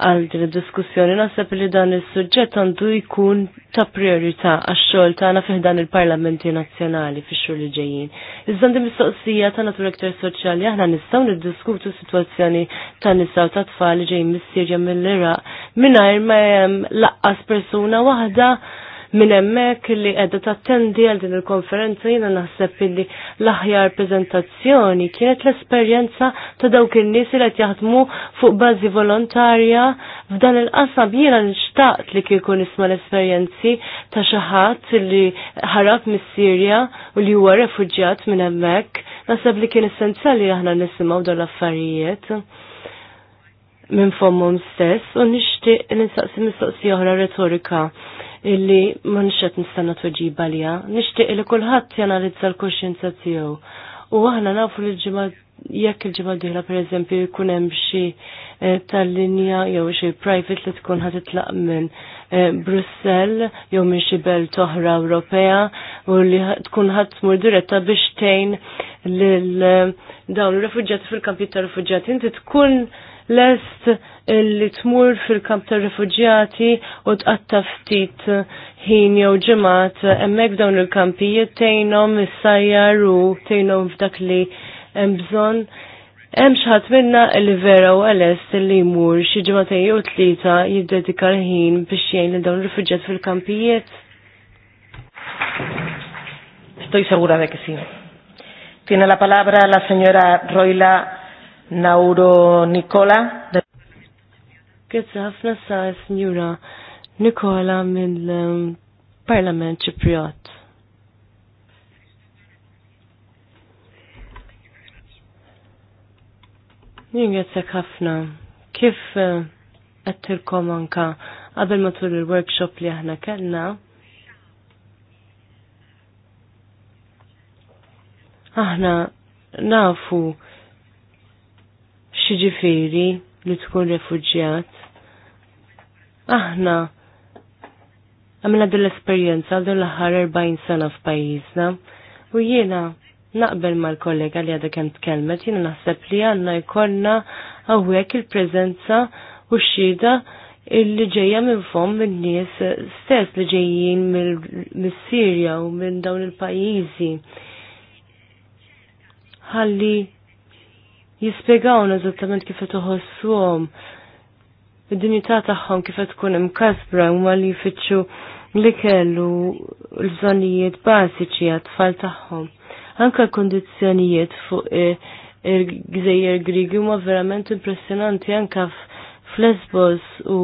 għal din id-diskussjoni naħseb li dan is-suġġett għandu jkun ta' priorità għax-xogħol tagħna fih dan il-Parlamenti Nazzjonali fix xur li ġejjin. Iżda di mistoqsija ta' natur ektar soċjali aħna nistgħu niddiskutu s-sitwazzjoni ta' nistaw ta' tfal li ġejjin mis-Sirja mill-Iraq mingħajr ma hemm laqqas persuna waħda minn hemmhekk li qiegħda tattendi għal din il-konferenza jiena naħseb illi l-aħjar preżentazzjoni kienet l-esperjenza ta' dawk in-nies li qed jaħdmu fuq bażi volontarja f'dan il-qasam jiena nixtaqt li kieku nisma' l-esperjenzi ta' xi ħadd li ħarab mis-Sirja u li huwa refuġjat minn hemmhekk. Naħseb li kien essenzjali aħna nisimgħu dan l-affarijiet minn fommum stess u nixtieq nistaqsi mistoqsija oħra retorika illi ma nixet nistanna tweġiba lija. Nixtieq li kulħadd janalizza l-kuxjenza tiegħu. U aħna nafu li l-ġimgħa jekk il-ġimgħa d-dieħla pereżempju jkun hemm xi eh, tal-linja jew xi private li tkun ħad titlaq minn eh, Brussell jew minn xi belt oħra Ewropea u li tkun ħadd tmur diretta biex tgħin lil eh, dawn ir refuġġjati fil kampi tar-refuġjati inti tkun lest li tmur fil-kamp ta' rifugjati u tqatta ftit ħin jew ġemat hemmhekk dawn il-kampijiet tgħinhom is-sajjar u tgħinhom f'dak li hemm bżonn. Hemm xi ħadd minna li vera u għalest li jmur xi ġematej jew tlieta jiddedika l-ħin biex jgħin lil dawn ir-rifuġġjat fil-kampijiet. Estoy segura de que sí. Tiene la palabra la señora Roila Nauro Nicola. De Grazzi ħafna sa Signora Nikola mill-Parlament Ċipriot. Ningrazzjak ħafna. Kif eh, għattilkom anka qabel matul il-workshop li aħna kellna, aħna nafu xieġifiri li tkun refugjat Aħna għamilna din l-esperjenza din l-aħħar 40 sena f'pajjiżna u jiena naqbel mal-kollega li għadha kemm tkellmet jiena naħseb li għandna jkollna hawnhekk il-preżenza u x-xhieda illi ġejja minn fom minn nies stess li ġejjin mis sirja u minn dawn il-pajjiżi. Ħalli jispjegawna eżattament kif qed iħossuhom id-dinjità tagħhom kif qed tkun imkasbra huma li jfittxu li kellu l-bżonnijiet bażiċi għat-tfal tagħhom. Anka l-kondizzjonijiet fuq il-gżejjer Grigi huma verament impressjonanti anka f'Lesbos u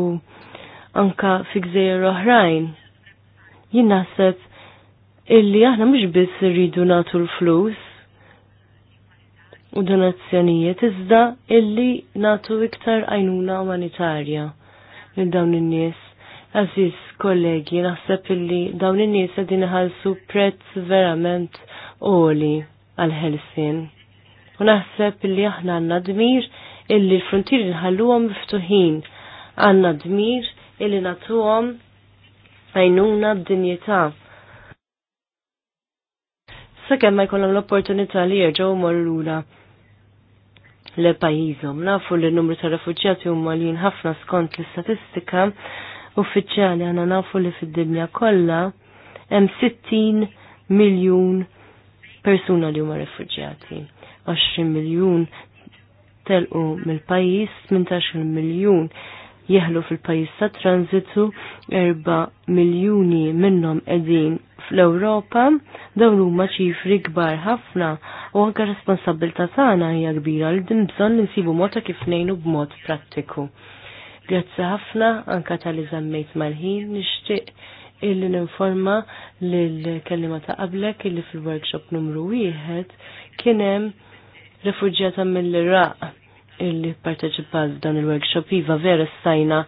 anka fi gżejjer oħrajn. Jien naħseb illi aħna mhux biss irridu nagħtu l-flus, u donazzjonijiet iżda illi natu iktar għajnuna umanitarja minn dawn in-nies. Aziz kollegi, naħseb illi dawn in-nies qegħdin iħallsu prezz verament oli għal ħelsien U naħseb illi aħna għandna dmir illi l nħallu għom miftuħin. Għandna dmir illi għom għajnuna b'dinjità. Sakemm ma jkollhom l-opportunità li jerġgħu morru lura le pajizom. Nafu li n-numru ta' refugġjati huma li ħafna skont l-istatistika uffiċjali għana nafu li fid-dinja kollha hemm 60 miljun persuna li huma refugġjati. 20 miljun telqu mill-pajjiż, 18 miljun jeħlu fil-pajis ta' tranzitu 4 miljuni minnhom qegħdin fl-Ewropa, dawn huma ċifri kbar ħafna u anke responsabilità tagħna hija kbira li din bżonn insibu mod ta' kif ngħinu b'mod prattiku. Grazzi ħafna anke tal-li żammejt mal-ħin nixtieq illi ninforma lill-kellima ta' qablek illi fil-workshop numru wieħed kien hemm refuġjata mill-Iraq illi parteċipat dan il-workshop iva vera stajna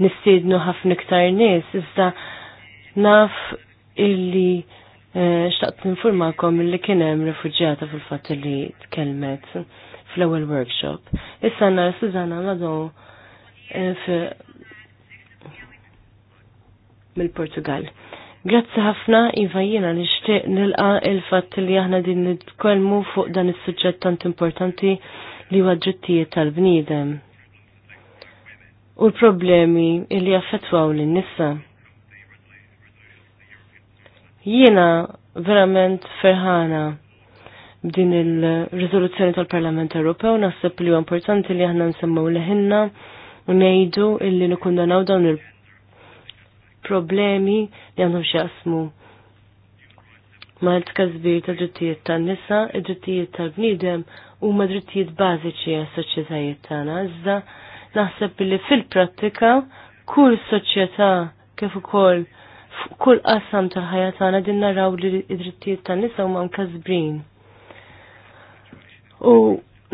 nistiednu ħafna iktar nies iżda naf illi eh, xtaqt informakom illi kien hemm refuġjata fil-fatt li tkellmet fl-ewwel workshop. Issa nar Susanna Madon eh, mill-Portugal. Grazzi ħafna Iva jiena nixtieq nilqa' il-fatt li aħna din nitkellmu fuq dan is-suġġett tant importanti li huwa drittijiet tal-bniedem u l-problemi li affettwaw lin-nisa. Jiena verament ferħana b'din il-riżoluzzjoni tal-Parlament Ewropew naħseb li huwa importanti li aħna nsemmaw leħinna u ngħidu illi nikkundanaw dawn il-problemi li għandhom xi jaqsmu ma' l ta' drittijiet tan nisa, id-drittijiet tal-bnidem u ma' drittijiet bażiċi għas soċjetajiet tagħna. Iżda naħseb li fil-prattika kull soċieta kif ukoll kull qasam tal-ħajja tagħna din naraw li d-drittijiet tan-nisa huma mkazbrin. U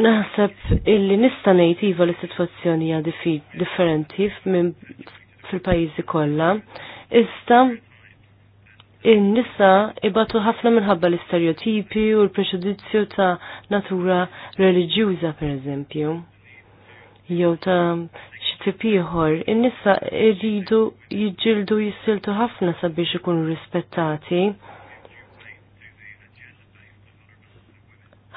naħseb illi nista' ngħid iva li sitwazzjoni hija differenti minn fil-pajjiżi kollha. Issa in-nisa ibatu ħafna minħabba l-istereotipi u l-preġudizzju ta' natura reliġjuża pereżempju. Jew ta' xi ieħor, in-nisa jridu jiġġieldu jissiltu ħafna sabiex ikunu rispettati.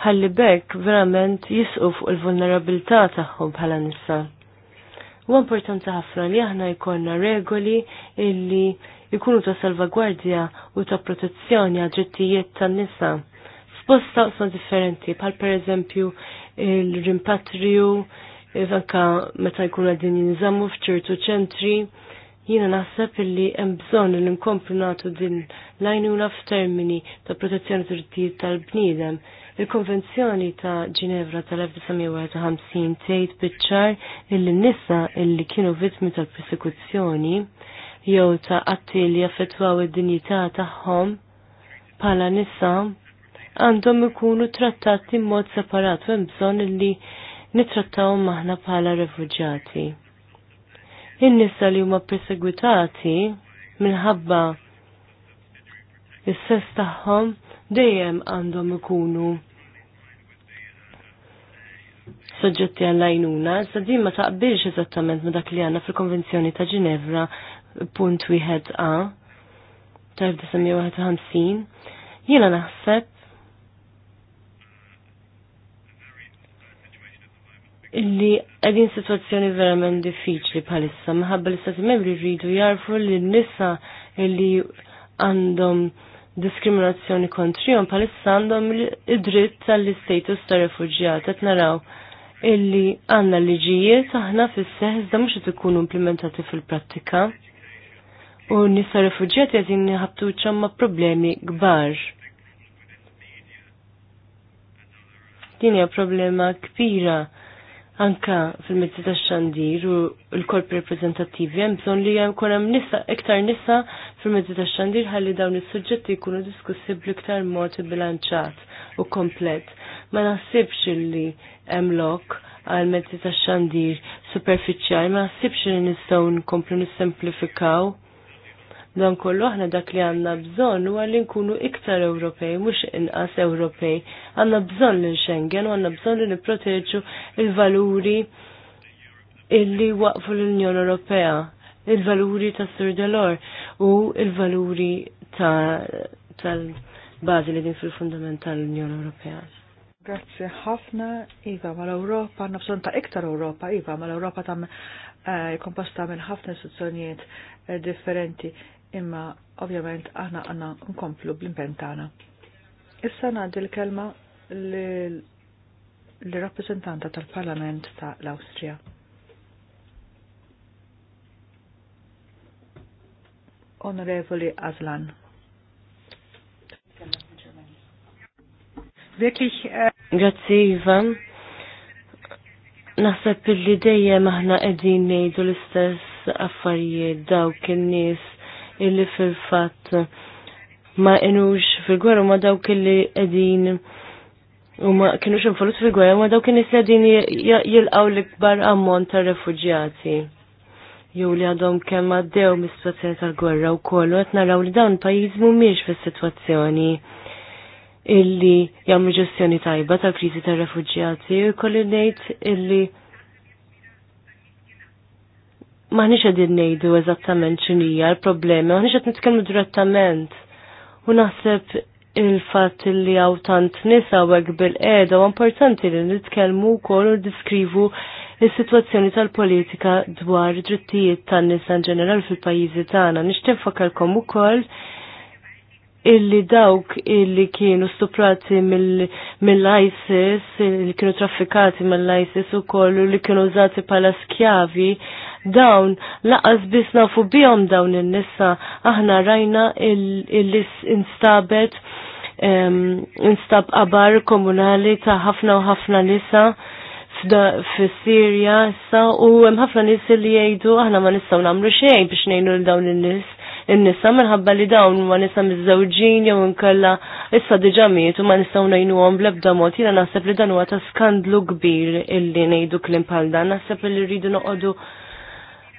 Ħalli bekk verament jisqu fuq il-vulnerabilità tagħhom bħala nisa. U importanti ħafna li aħna jkollna regoli illi Ikunu ta' salvagwardja u ta' protezzjoni għad drittijiet tan-nisa. F'bosta qosma differenti, bħal pereżempju il-rimpatriju, e anka meta jkunu għadin jinżammu f'ċertu ċentri, jiena naħseb illi hemm bżonn li nkomplu nagħtu din lajnuna f'termini ta' protezzjoni ta' drittijiet tal-bniedem. Il-Konvenzjoni ta' Ginevra tal-1951 tgħid biċċar illi n-nisa illi kienu vittmi tal-persekuzzjoni jew ta' atti li jaffettwaw id-dinjità tagħhom bħala nisa għandhom ikunu trattati mod separat u hemm bżonn li nitrattaw maħna bħala refuġjati. In-nisa li huma persegwitati minħabba is-sess tagħhom dejjem għandhom ikunu soġġetti għall-għajnuna, sa din ma taqbilx eżattament ma dak li għanna fil-Konvenzjoni ta' Ġinevra punt wieħed A tal-1951 jiena naħseb illi għedin situazzjoni verament diffiċli bħalissa, maħabba l-istati membri rridu jarfu li n-nisa illi għandhom diskriminazzjoni kontrihom bħalissa għandhom id-dritt tal-istatus ta' refugjat, għet naraw illi għanna liġijiet aħna fis-seħ iżda mhux qed ikunu implementati fil-prattika u nisa rifugġjati għazin ħabtu ċamma problemi gbar. Din hija problema kbira anka fil-mezzi ta' xandir u l-korp reprezentativi hemm bżonn li jkun hemm nisa iktar nisa fil-mezzi ta' xandir ħalli dawn is-suġġetti jkunu diskussi bl-iktar mod bilanċat u komplet. Ma naħsibx li hemm lok għal mezzi ta' xandir superfiċjali, ma naħsibx li nistgħu nkomplu nissemplifikaw dan kollu aħna dak li għanna bżon u għalli nkunu iktar Ewropej, mux inqas Ewropej. Għanna bżon l-Schengen u għanna bżon li niproteġu il-valuri illi waqfu l-Unjon Ewropea, il-valuri ta' Sur Delor u il-valuri tal-bazi li din fil-fundamental l-Unjon Ewropea. Grazzi ħafna, Iva, mal-Europa, nafson ta' iktar Europa, Iva, mal-Europa ta' eh, komposta minn ħafna istituzzjonijiet eh, differenti imma ovvjament aħna għanna nkomplu bl-impen tagħna. Issa ngħaddi l-kelma l-rappreżentanta tal-Parlament ta' l-Awstrija. Onorevoli Azlan. Wirklich. Äh, Grazie Ivan. Naħseb li dejjem aħna qegħdin ngħidu l-istess affarijiet dawk in-nies illi fil-fatt ma inux fil-gwerra ma dawk illi qegħdin u ma kienux infolut fil-gwerra ma dawk in-nies qegħdin jilqgħu l-ikbar ammont ta' refugjati Jew li għadhom kemm għaddew mis-sitwazzjoni tal-gwerra wkoll u qed naraw li dawn pajjiż mhumiex fis-sitwazzjoni illi jagħmlu ġestjoni tajba tal-kriżi tar-refuġjati u jkolli ngħid illi maħniċ għedin nejdu eżattament ċinija l-problemi, maħniċ għed nitkellmu direttament. U naħseb il-fat li għaw tant nisa u bil edha u importanti li nitkellmu kol u diskrivu il-situazzjoni tal-politika dwar drittijiet tan-nisa in ġeneral fil-pajizi tagħna. Nixtieq u ukoll illi dawk illi kienu stuprati mill-ISIS, mill li kienu traffikati mill-ISIS u kollu li kienu użati pala skjavi, dawn laqas biss nafu bihom dawn in-nisa aħna rajna il-lis instabet instab qabar komunali ta' ħafna u ħafna nisa fi sirja issa u hemm ħafna nies li jgħidu aħna ma nistgħu nagħmlu xejn biex ngħinu l dawn in-nies in-nisa minħabba li dawn ma nisa miż-żewġin jew inkella issa diġà miet u ma nistgħu ngħinuhom bl-ebda mod. Jiena naħseb li dan huwa ta' skandlu kbir illi ngħidu klim bħal dan, naħseb li rridu noqogħdu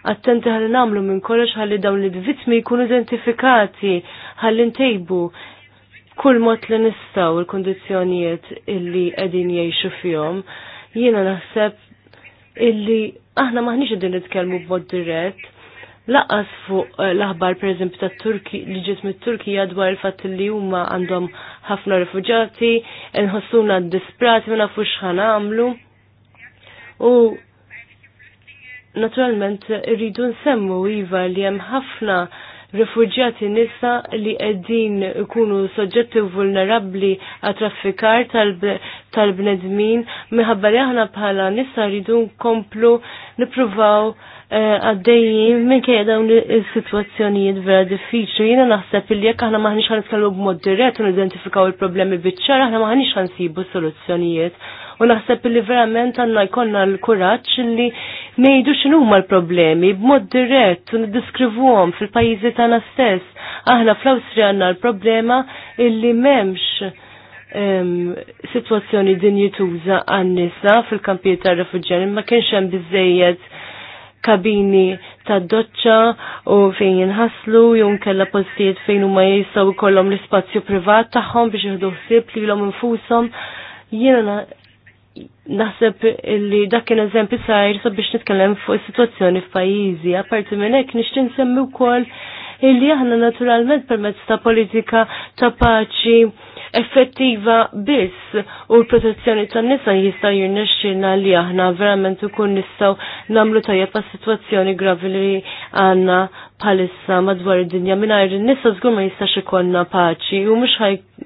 attenti ħalli namlu minn kollox ħalli dawn d vittmi jkunu identifikati ħalli ntejbu kull mod li nistaw il-kondizjonijiet illi qegħdin jgħixu fihom. Jiena naħseb illi aħna maħniex qegħdin nitkellmu mod dirett. Laqas fuq eh, l-aħbar per eżempju ta' Turki li ġiet mit-Turkija dwar il-fatt li huma għandhom ħafna rifuġati, nħossuna disprati ma nafux ħanamlu. U naturalment rridu nsemmu iva li hemm ħafna rifugjati nisa li qegħdin ikunu soġġetti vulnerabbli għat traffikar tal-bnedmin minħabba li aħna bħala nisa rridu nkomplu nippruvaw eh, għaddejjin minn kejja dawn is-sitwazzjonijiet vera diffiċli. Jiena naħseb li jekk aħna maħniex ħanitkellmu b'mod dirett u nidentifikaw il-problemi biċ-ċar, aħna maħniex ħansibu soluzzjonijiet u naħseb li verament għanna jkollna l-kuraċ li nejdu xinu l-problemi b'mod dirett u niddeskrivuhom fil-pajjiżi tagħna stess. Aħna fl-Awstrija għandna l-problema illi m'hemmx um, ehm, situazzjoni din jituża għannisa fil-kampijiet tar-refuġjani ma kienx hemm biżejjed kabini ta' doċċa u fejn jinħaslu, jom kella postijiet fejn huma jistgħu jkollhom l-ispazju privat tagħhom biex jieħdu ħsieb lilhom infushom. Jiena naħseb li dak kien eżempju sajr sabiex nitkellem fuq is-sitwazzjoni f'pajjiżi, apparti minn hekk nixtieq nsemmi wkoll illi aħna naturalment permezz ta' politika ta' paċi effettiva biss u l-protezzjoni tan nisa jista' jirnexxilna li aħna verament ikun nistgħu nagħmlu tajjeb għas sitwazzjoni gravi li għandna bħalissa madwar id-dinja mingħajr in-nisa żgur ma jistax ikollna paċi u mhux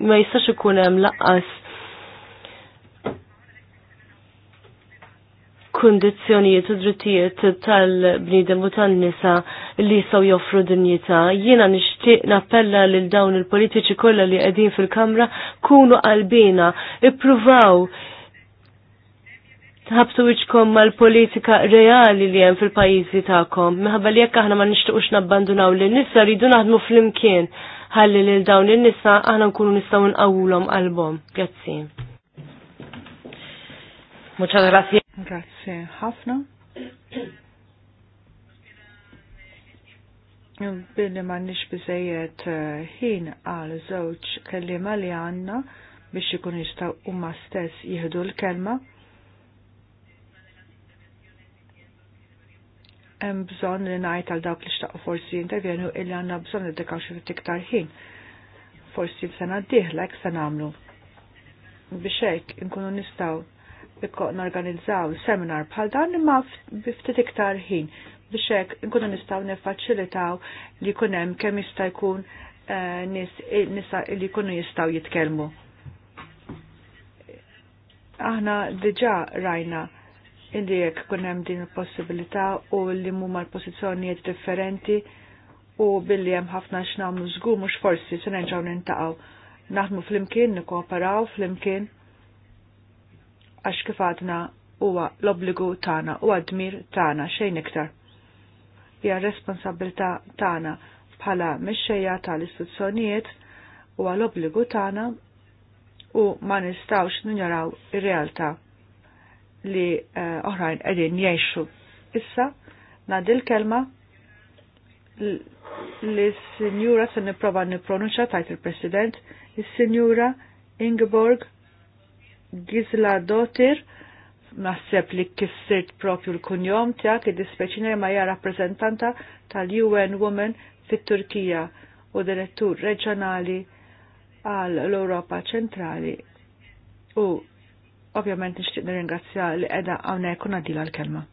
ma jistax ikun hemm laqqas kundizzjonijiet u drittijiet tal-bnidem u tan-nisa li jistgħu joffru dinjità. Jiena nixtieq nappella lil dawn il-politiċi kollha li qegħdin fil-Kamra kunu qalbina, ippruvaw tħabtu wiċkom mal-politika reali li hemm fil-pajjiżi tagħkom. Minħabba li jekk aħna ma nixtiequx nabbandunaw lin nisa ridu naħdmu flimkien ħalli lil dawn il nisa aħna nkunu nistgħu nqawulom qalbhom. Grazzi. Muchas gracias. Grazie ħafna. Bini ma nix biżejjed eh, ħin għal zoċ kellima li għanna biex ikun jistgħu huma stess jihdu l-kelma. Hemm bżonn li ngħid għal dawk li xtaqgħu forsi jintervjenu illi għandna bżonn iddikaw xi ftit iktar ħin. Forsi sena d-dieħla hekk se nagħmlu. Biex hekk inkunu nistgħu n-organizzaw seminar bħal dan imma ftit iktar ħin biex hekk nkunu nistgħu niffaċilitaw li jkun hemm kemm jista' jkun eh, nis nisa li jkunu jistgħu jitkellmu. Aħna diġà rajna illi jekk kun hemm din il-possibilità u li mhuma l-pożizzjonijiet differenti u billi hemm ħafna x'nagħmlu żgur mhux forsi se nerġgħu nintaqgħu naħdmu flimkien, nikkooperaw flimkien għax kif għadna huwa l-obbligu tagħna u għad tana tagħna xejn iktar. Hija responsabilta tagħna bħala mexxejja tal-istituzzjonijiet u l obbligu tagħna u ma nistawx ninjaraw ir-realtà li eh, oħrajn uh, qegħdin jgħixu. Issa ngħaddi l-kelma li s-sinjura se nipprova nippronunċja tajt il-President, is-sinjura Ingeborg Gizla Dotir, naħseb li kissirt propju l-kunjom tijak id-dispeċina ma hija rappresentanta tal-UN Women fit-Turkija u direttur reġjonali għal l-Europa ċentrali. U ovvjament nixtieq nirringrazzja li qiegħda hawnhekk u nadila l-kelma.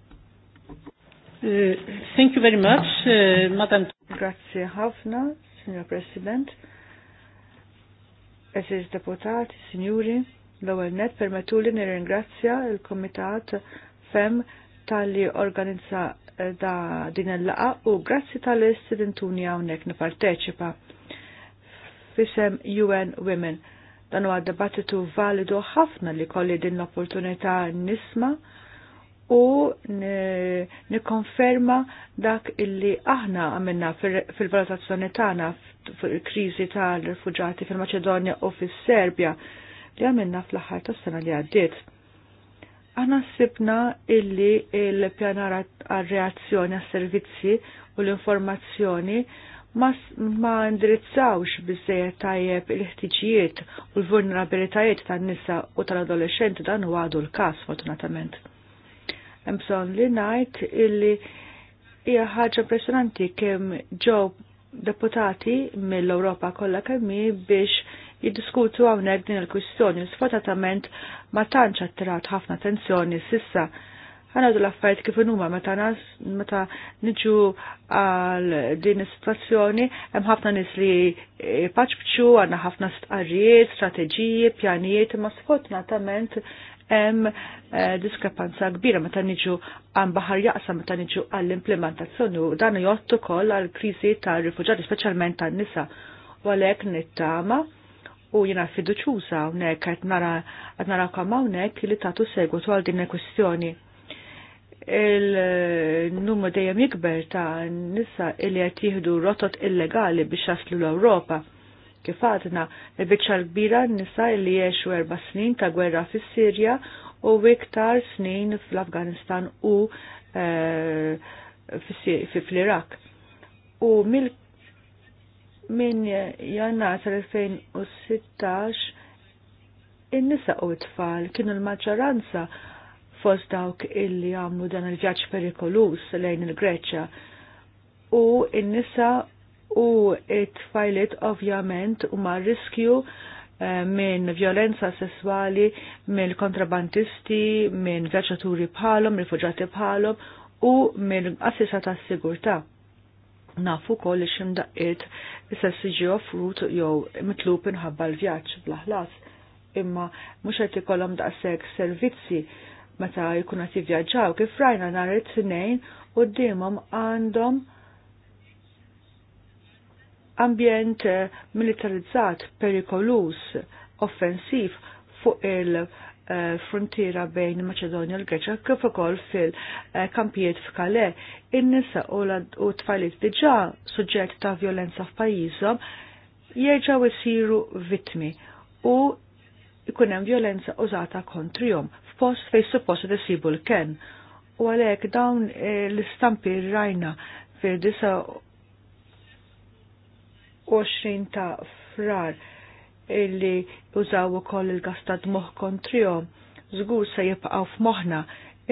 Eh, thank you very much, eh, Madam. Grazie ħafna, Signor President, Esis Deputati, Signori. L-ewwel net permetuli nirringrazzja l komitat FEM tal-li organizza eh, da din il-laqa u grazzi tal-istudentuni hawnhekk nipparteċipa. Fisem UN Women. Dan huwa dibattitu validu ħafna li kolli din l-opportunità nisma' u nikkonferma dak illi aħna għamilna fil-valutazzjoni tagħna fil-kriżi tal-rifuġati fil-Maċedonja u fis-Serbja li għamilna fl-aħħar tas-sena li għaddiet. Aħna sibna illi il-pjanar għal-reazzjoni għal servizzi u l-informazzjoni ma, indirizzawx bizzejet tajjeb il-ħtiġijiet u l-vulnerabilitajiet tan-nisa u tal-adolescenti dan u għadu l-kas fortunatament. Mson li najt illi hija ħaġa impressionanti kemm ġew deputati mill-Ewropa kollha kemmi biex jiddiskutu hawnhekk din il-kwistjoni li sfortunatament ma tantx attirat ħafna attenzjoni sissa. Għana l-affarijiet kif huma meta meta niġu għal din is-sitwazzjoni hemm ħafna nis li e, paċbċu għandna ħafna stqarrijiet, strateġiji, pjanijiet, imma sfortunatament hemm e, diskrepanza kbira meta niġu għan baħar jaqsa meta niġu għall-implementazzjoni u dan jgħottu koll għall kriżi tar rifuġati speċjalment tan-nisa. U għalhekk nittama u jina fiduċuża hawnhekk qed nara qed narakom hawnhekk li tagħtu segwitu għal din il-kwistjoni. Il-numru dejjem jikber ta' nisa illi qed jieħdu rotot illegali biex jaslu l-Ewropa. Kif għadna, il-biċċa l-kbira nisa illi jiexu erba' snin ta' gwerra fis-Sirja u iktar snin fl-Afganistan u eh, fl-Irak. U mill minn jannar 2016 in-nisa u t-tfal kienu l-maġġoranza fost dawk illi għamlu dan il-vjaġġ perikolus lejn il-Greċja u in-nisa u t tfajlit ovvjament u ma' riskju eh, minn violenza sessuali, minn kontrabandisti, minn vjaċaturi bħalhom, rifugġati bħalhom u minn assisa tas-sigurtà nafu kol li ximdaqqiet issa siġi offrut jew mitlub inħabba l-vjaġġ b'laħlas, imma mhux qed ikollhom daqshekk servizzi meta jkun qed jivvjaġġaw kif rajna nhar it-tnejn qudiemhom għandhom ambjent militarizzat, perikolus, offensiv fuq il- Eh, frontiera bejn Maċedonja u l-Greċja kif ukoll fil-kampijiet f'Kale. In-nisa u t-tfajliet diġà suġġett ta' violenza f'pajjiżhom jerġgħu jsiru vittmi u jkun hemm violenza użata kontrihom f'post fejn suppost isibu l-ken. U għalhekk dawn eh, l-istampi rajna fil disa 20 ta' frar illi użaw ukoll il-gas ta' dmoħ kontrihom. Żgur se jibqgħu f'moħħna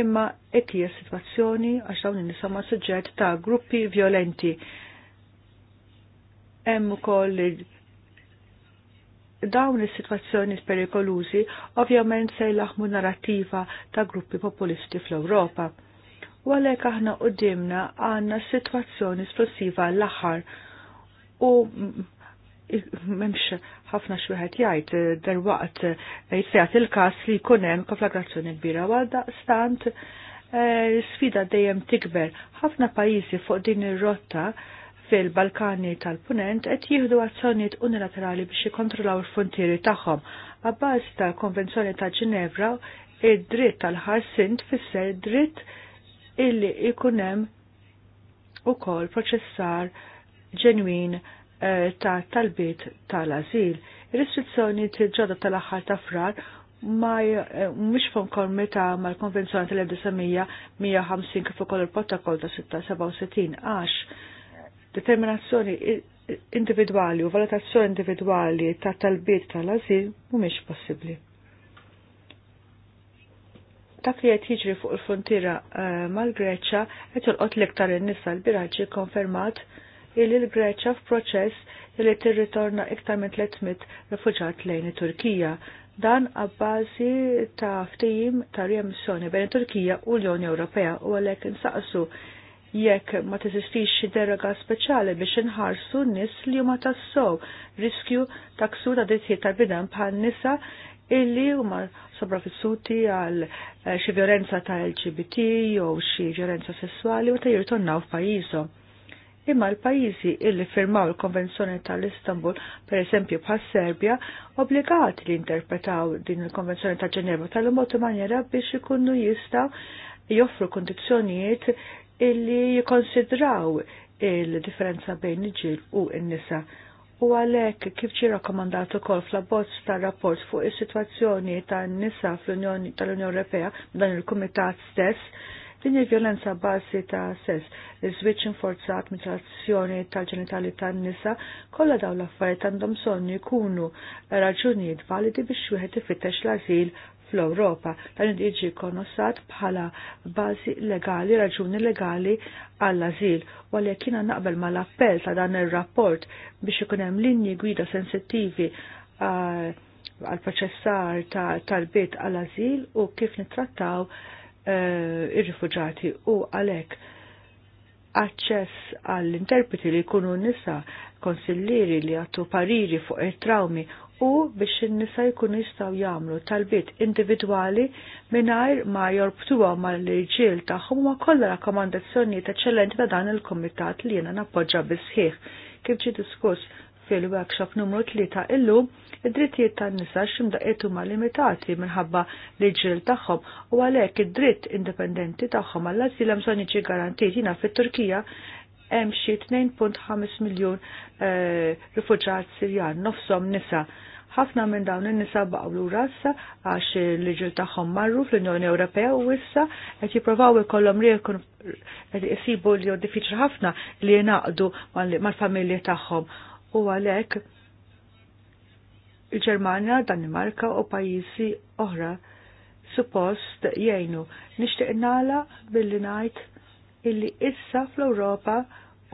imma qed hija sitwazzjoni għax dawn nisama nisa ma' suġġett ta' gruppi violenti. Hemm ukoll dawn is-sitwazzjoni perikolużi ovvjament se jlaħmu narrativa ta' gruppi populisti fl-Ewropa. U għalhekk aħna qudiemna għandna sitwazzjoni esplosiva l-aħħar u memx ħafna xwieħed jgħid eh, darwaqt eh, jistgħat il-każ li jkun hemm konflagrazzjoni kbira għalda stant eh, sfida dejjem tikber. Ħafna pajjiżi fuq din ir-rotta fil-Balkani tal-Punent qed jieħdu azzjonijiet unilaterali biex jikontrollaw il-frontieri tagħhom. Abbażi tal-Konvenzjoni ta' Ġinevra, id-dritt tal-ħarsint fisser dritt illi ikun hemm ukoll proċessar ġenwin Eh, ta' talbiet tal-azil. Il-restrizzjoni t ġodda tal-axħar ta' frar ma eh, mhux ma' mal-Konvenzjoni tal-1950 kif ukoll il-Protokoll ta' 67 għax determinazzjoni individwali u valutazzjoni individwali ta' talbiet tal-azil mhumiex possibbli. Dak li qed jiġri fuq il-frontiera eh, mal-Greċċa qed jolqot l-iktar in-nisa l-biraġġi konfermat illi l-Greċa f'proċess li tirritorna iktar minn 300 rifuġat lejn it-Turkija. Dan għabbażi ta' ftijim ta' riemissjoni bejn it-Turkija u l-Unjoni Ewropea u għalhekk insaqsu jekk ma teżistix xi deroga speċjali biex inħarsu n-nies li huma tassow riskju ta' ksur ta' drittijiet tal-bidan bħal nisa illi huma sopravvissuti għal eh, xi violenza ta' LGBT jew xi violenza sessuali u ta' jirtonnaw f'pajjiżhom imma l-pajizi illi firmaw il-Konvenzjoni tal-Istanbul, per esempio bħal Serbja, obbligati li interpretaw din il-Konvenzjoni ta' Ġenevra tal-mod manjera biex ikunu jista' joffru kondizjonijiet illi jikonsidraw il-differenza bejn il-ġil u n-nisa. U għalek kif ġi rakkomandat ukoll fl-abbozz tar-rapport fuq is-sitwazzjoni tan-nisa fl-Unjoni tal-Unjoni Ewropea dan il-Kumitat stess, Din il-violenza bażi ta' sess, iż-żwieġ inforzat, trazzjoni tal-ġenitali tan-nisa, kollha dawn l-affarijiet għandhom sonni jkunu raġunijiet validi biex wieħed ifittex l-ażil fl-Ewropa. Dan jiġi konosat bħala bażi legali, raġuni legali għall-azil. U għalhekk jiena naqbel mal-appell ta' dan ir-rapport biex ikun hemm linji gwida sensittivi ah, għal proċessar tal-bit għall-azil u kif nittrattaw Eh, ir-rifuġati u għalhekk aċċess għall-interpreti li jkunu nisa konsillieri li għattu pariri fuq il-traumi u biex in-nisa jkunu jistgħu jagħmlu talbiet individwali mingħajr ma ma mal-irġiel tagħhom ma kollha rakkomandazzjonijiet eċċellenti ta' dan il-kumitat li jiena nappoġġa bisħiħ kif ġi diskuss fil-workshop numru 3 illum id-drittijiet tan-nisa x'imdaqiet huma limitati minħabba l-ġil tagħhom u għalhekk id-dritt indipendenti tagħhom għall-asil hemm jiġi garantit jina fit-Turkija hemm xi 2.5 miljun eh, rifuġġat Sirjan nofshom nisa ħafna minn dawn in-nisa baqgħu rassa għax l-ġil tagħhom marru fl-Unjoni Ewropea u issa qed jippruvaw ikollhom riekun qed isibu li diffiċli ħafna li jingħaqdu mal-familji tagħhom u għalhekk il-Ġermanja, Danimarka u pajjiżi oħra suppost jgħinu. Nixtieq nala billi ngħid illi issa fl-Ewropa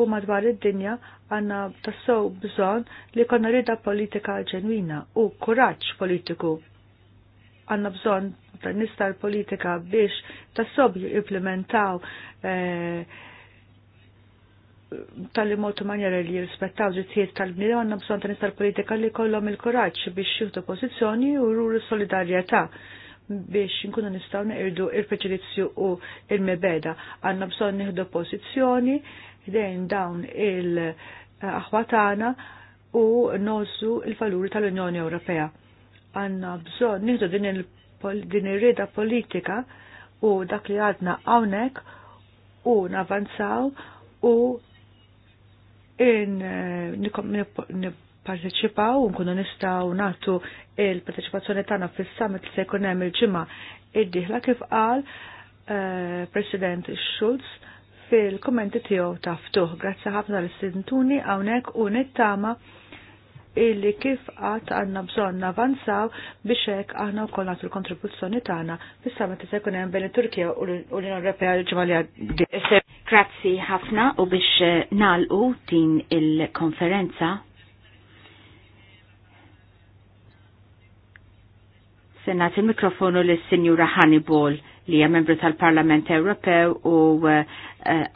u madwar id-dinja għanna tassow bżon li konna rida politika ġenwina u kuraċ politiku. Għanna bżon ta' nistar politika biex tassob jimplementaw eh, tal-li motu manjera li jirrispettaw ġittijiet tal-bnidem għanna bżon ta' nistar politika li kollom il-koraċ biex jieħdu pozizjoni u rruru solidarjetà biex nkunu nistaw irdu il-preġudizzju u il-mebeda. Għanna bżon nieħdu pozizjoni dejn dawn il-aħwatana u nozzu il-valuri tal-Unjoni Ewropea. Għanna bżon nieħdu din ir-rieda politika u dak li għadna hawnhekk u navanzaw u Eh, nipparteċipaw, nkunu nistaw natu il-parteċipazzjoni tagħna fis-summit li se jkun hemm il-ġimgħa id-dieħla kif qal eh, President Schulz fil-kommenti tiegħu taftuh. ftuħ. Grazzi ħafna l-istintuni hawnhekk u nittama' illi kif għat għanna bżon navanzaw biex hekk aħna wkoll nagħtu kontribuzzjoni tagħna fissa meta se jkun hemm it-Turkija u l-Unjoni Europea l-ġimgħa Grazzi ħafna u biex eh, nal-u din il-konferenza Senat il-mikrofonu l-Sinjura Hannibal li hija membru tal-Parlament Ewropew u uh,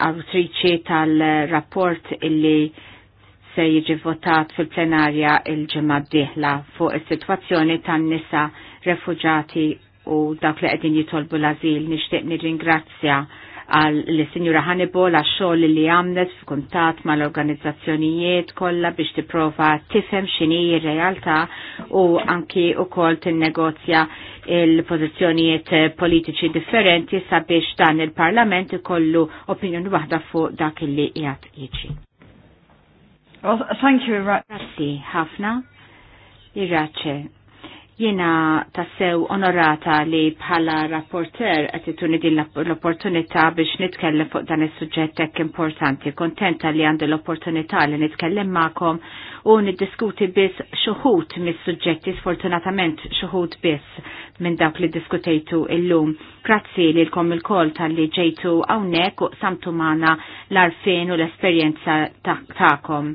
awtriċi tal-rapport illi se jiġi votat fil-plenarja il-ġemma d-dihla fuq is-sitwazzjoni tan-nisa refugjati u dak li qegħdin jitolbu l-azil nixtieq nirringrazzja għal li sinjura Hannibal għax xogħol li għamlet f'kuntat mal-organizzazzjonijiet kollha biex tipprova tifhem x'inhi r-realtà u anki wkoll tinnegozja il-pożizzjonijiet politiċi differenti sabiex dan il-Parlament ikollu opinjoni waħda fuq dak li qiegħed jiġi. Well, thank you, Rati Hafna. Irace, Jena tassew onorata li bħala rapporter qed ituni din l-opportunità biex nitkellem fuq dan is-suġġett hekk importanti. Kontenta li għandu l-opportunità li nitkellem makom u niddiskuti biss xuħut mis-suġġetti sfortunatament xuħut biss minn dawk li diskutejtu illum. Grazzi lilkom il-kol tal-li ġejtu hawnhekk u samtu mana l-arfin u l-esperjenza tagħkom.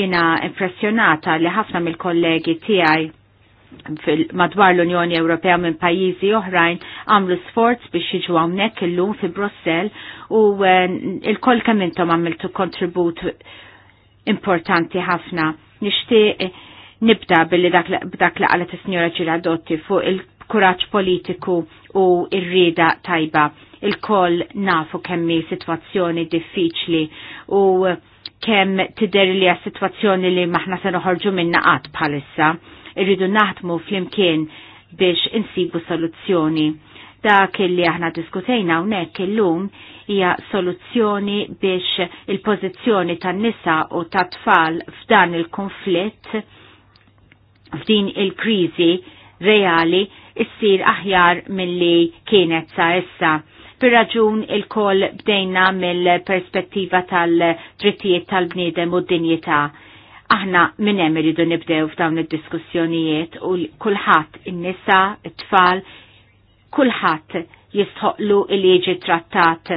Jiena Jena impressjonata li ħafna mill-kollegi tiegħi madwar l-Unjoni Ewropea minn pajjiżi oħrajn għamlu sforz biex jiġu hawnhekk illum fi Brussell u eh, il-koll kemm intom għamiltu kontribut importanti ħafna. Nixtieq eh, nibda billi dak li qalet is-Sinjora Ġiradotti fuq il-kuraġġ politiku u r-rieda tajba. Il-koll nafu hi sitwazzjoni diffiċli u kemm tidher li għas-sitwazzjoni li maħna se noħorġu minna qatt bħalissa irridu naħdmu flimkien biex insibu soluzzjoni. Dak li aħna diskutejna hawnhekk illum hija soluzzjoni biex il-pożizzjoni tan-nisa u tat-tfal f'dan il-konflitt f'din il-kriżi reali issir aħjar mill-li kienet sa issa. Per raġun il-koll bdejna mill-perspettiva tal-drittijiet tal-bniedem u d-dinjità. Aħna minn hemm iridu nibdew f'dawn id-diskussjonijiet u kulħadd in-nisa, it-tfal, kulħadd jistħoqlu li jiġi trattat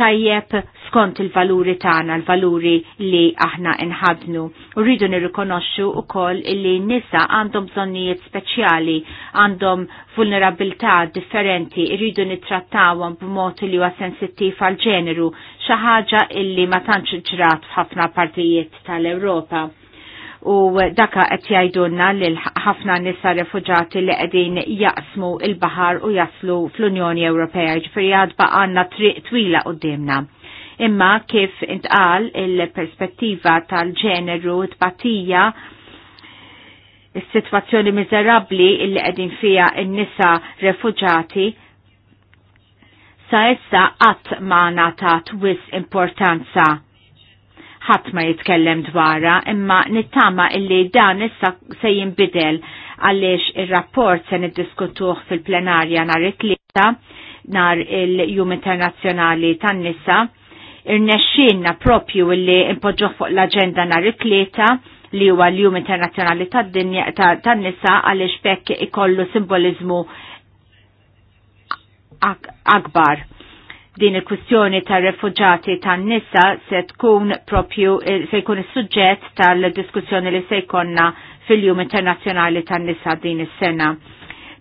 tajjeb skont il-valuri tagħna, l-valuri li aħna inħadnu. U rridu nirrikonoxxu wkoll illi nisa għandhom bżonnijiet speċjali, għandhom vulnerabilità differenti, rridu nittrattawhom b'mod li huwa sensittiv għal ġeneru, xi ħaġa illi ma tantx ġrat f'ħafna partijiet tal-Ewropa u daka qed jgħidulna lil ħafna nisa refuġati li qegħdin jaqsmu il-baħar u jaslu fl-Unjoni Ewropea ġifieri għad għandna triq twila qudiemna imma kif intqal il-perspettiva tal-ġeneru tbatija il-situazzjoni miserabli illi qegħdin fija n-nisa refuġati sa issa qatt ma natat wis importanza ħadd ma jitkellem dwarha, imma nittama illi dan issa se jinbidel għaliex ir-rapport se niddiskutuh fil-plenarja nhar it-tlieta nhar il-Jum Internazzjonali tan-nisa. Irnexxinna propju illi impoġġoh fuq l-aġenda nhar it-tlieta li huwa l-Jum Internazzjonali tad-Dinja tan-nisa għaliex bekk ikollu simbolizmu akbar din il-kwistjoni ta' refugġati ta' nisa se tkun propju eh, se jkun is-suġġett tal-diskussjoni li se jkonna fil-Jum Internazzjonali tan nisa din is-sena.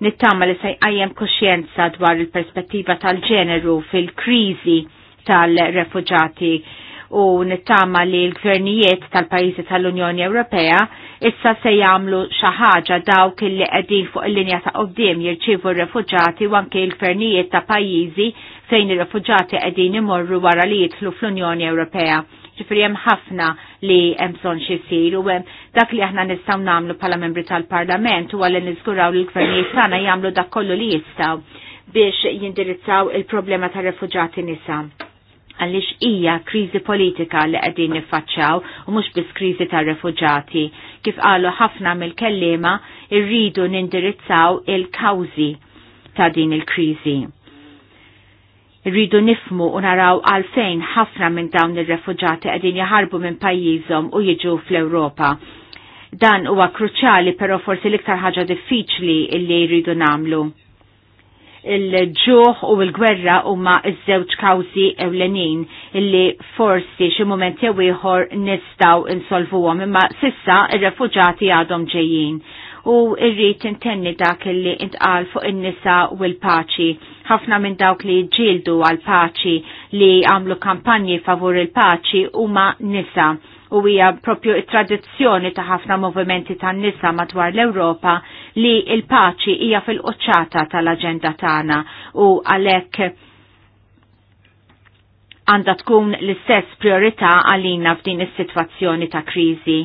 Nittama li se jqajjem kuxjenza dwar il-perspettiva tal-ġeneru fil-kriżi tal-refugġati u nittama li l-gvernijiet tal-pajjiżi tal-Unjoni Ewropea issa se jagħmlu xi ħaġa dawk li qegħdin fuq il-linja ta' qoddim jirċievu r-refuġati u anke l-gvernijiet ta' pajjiżi fejn ir-refuġati qegħdin imorru wara li jidħlu fl-Unjoni Ewropea. Ġifri hemm ħafna li hemm bżonn xi jsir u hemm dak li aħna nistgħu nagħmlu bħala membri tal-Parlament huwa li niżguraw l-gvernijiet tagħna jagħmlu dak kollu li jistgħu biex jindirizzaw il-problema tar-refuġati nisa għaliex hija kriżi politika li qegħdin niffaċċjaw u mhux biss kriżi tar refugġati. Kif qalu ħafna mill-kellima irridu nindirizzaw il-kawżi ta' din il-kriżi. Irridu nifmu u naraw għalfejn ħafna minn dawn ir refugġati qegħdin jaħarbu minn pajjiżhom u jiġu fl-Ewropa. Dan huwa kruċjali però forsi l-iktar ħaġa diffiċli li jridu nagħmlu il-ġuħ u l-gwerra huma iż-żewġ kawżi ewlenin illi forsi xi moment jew ieħor nistgħu insolvuhom imma sissa ir-refuġati għadhom ġejjin u irrit intenni dak li intqal fuq in-nisa u l-paċi. Ħafna minn dawk li ġildu għal paċi li għamlu kampanji favur il-paċi huma nisa u hija propju tradizzjoni ta' ħafna movimenti tan nisa madwar l-Ewropa li il-paċi hija fil-qoċċata tal-aġenda tagħna u għalhekk għandha tkun l-istess priorità għalina f'din is-sitwazzjoni ta' kriżi.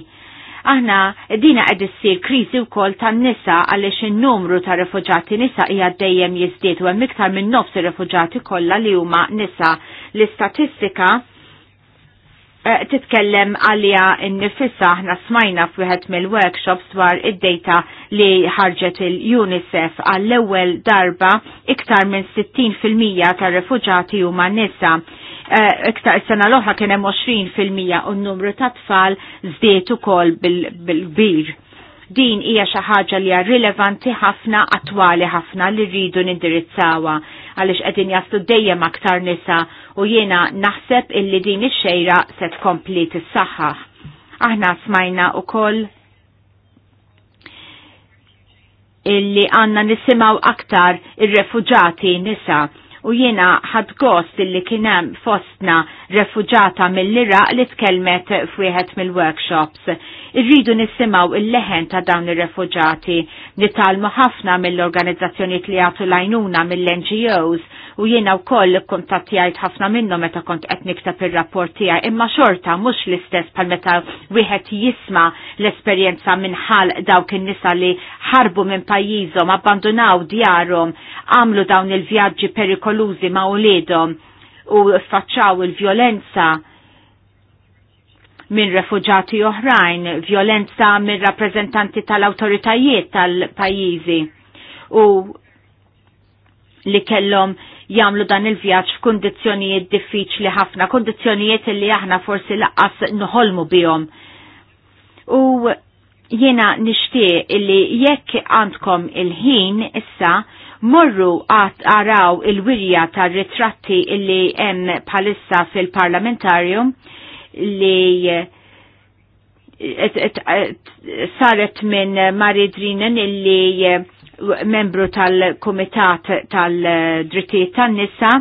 Aħna dina qed issir kriżi wkoll tan-nisa għaliex in-numru ta' refuġati nisa hija dejjem jiżdied u hemm iktar minn nofs ir-refuġati kollha li huma nisa. L-istatistika Eh, titkellem għalija n-nifissa ħna smajna f'wieħed mill-workshops dwar id-data li ħarġet il-UNICEF għall-ewwel darba iktar minn 60% tar-refuġati huma nisa. Eh, iktar sena l-oħra kien hemm 20% u n-numru ta' tfal żdiet ukoll bil-kbir. Din hija xi ħaġa li hija rilevanti ħafna attwali ħafna li rridu nindirizzawha għaliex qegħdin jaslu dejjem aktar nisa u jiena naħseb illi din ix-xejra se tkompli tissaħħaħ. Aħna smajna ukoll illi għanna nisimaw aktar ir-refuġati nisa u jiena ħad gost illi kien hemm fostna refugġata mill-Iraq li tkellmet fwieħet mill-workshops. Irridu nisimgħu il-leħen ta' dawn ir-refuġati, nitalmu ħafna mill-organizzazzjonijiet li jagħtu lajnuna mill-NGOs u jiena wkoll kontattijajt ħafna minnhom meta kont qed ta' ir-rapport imma xorta mhux l-istess bħal meta wieħed jisma' l-esperjenza minħal dawk in-nisa li ħarbu minn pajjiżhom, abbandunaw djarhom, għamlu dawn il-vjaġġi perikolosi perikolużi ma' uliedhom u faċċaw il-vjolenza minn refugġati oħrajn, vjolenza minn rappreżentanti tal-autoritajiet tal-pajjiżi u li kellhom jamlu dan il-vjaġġ f'kundizzjonijiet diffiċli ħafna, kundizzjonijiet li aħna forsi laqqas nħolmu bihom. U jiena nixtieq li jekk għandkom il-ħin issa morru għat għaraw il-wirja tar ritratti illi hemm palissa fil-parlamentarium li eh, eh, eh, saret minn Mari Drinen illi membru tal-Komitat tal-Drittijiet tan-Nisa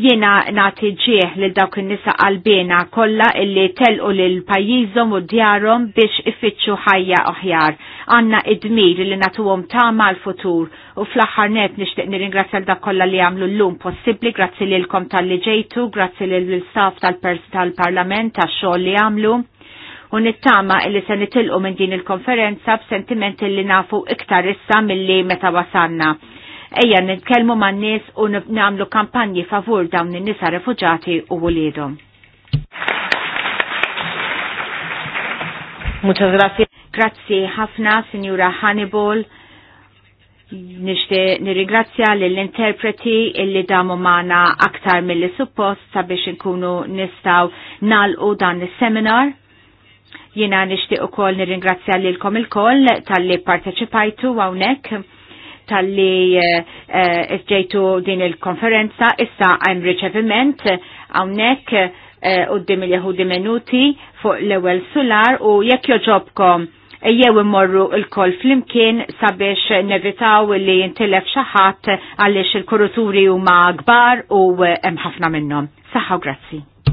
Jiena nati ġieħ lil dawk in-nisa qalbina kollha illi telqu lil pajjiżhom u djarom biex ifittxu ħajja oħjar. Għandna id-dmir li natuhom tama l-futur u fl-aħħar net nixtieq nirringrazzja l dak kollha li għamlu llum possibbli grazzi lilkom tal-li ġejtu, grazzi lill-staff tal-Parlament pers tal tax-xogħol li għamlu u nittama illi se nitilqu minn din il-konferenza b'sentimenti illi nafu iktar issa milli meta wasanna. Ejja nitkellmu man nies u nagħmlu kampanji favur dawn in-nisa refuġati u wuliedhom. Muchas grazie. ħafna, Sinjura Hannibal. Nishti nirigrazzja l-interpreti illi damu maħna aktar mill suppost sabiex nkunu nistaw u dan il-seminar. Jina nishti u kol nirigrazzja l-kom il-kol tal-li parteċipajtu għawnek tal-li eh, ġejtu din il-konferenza, issa għajm riċeviment għawnek eh, u d-dim il-jahudi minuti fuq l-ewel solar, u jekk joġobkom eh, jew immorru l-kol flimkien sabiex nevitaw li jintilef xaħat għalix il-kuruturi u ma' gbar u hemm ħafna minnhom. u grazzi.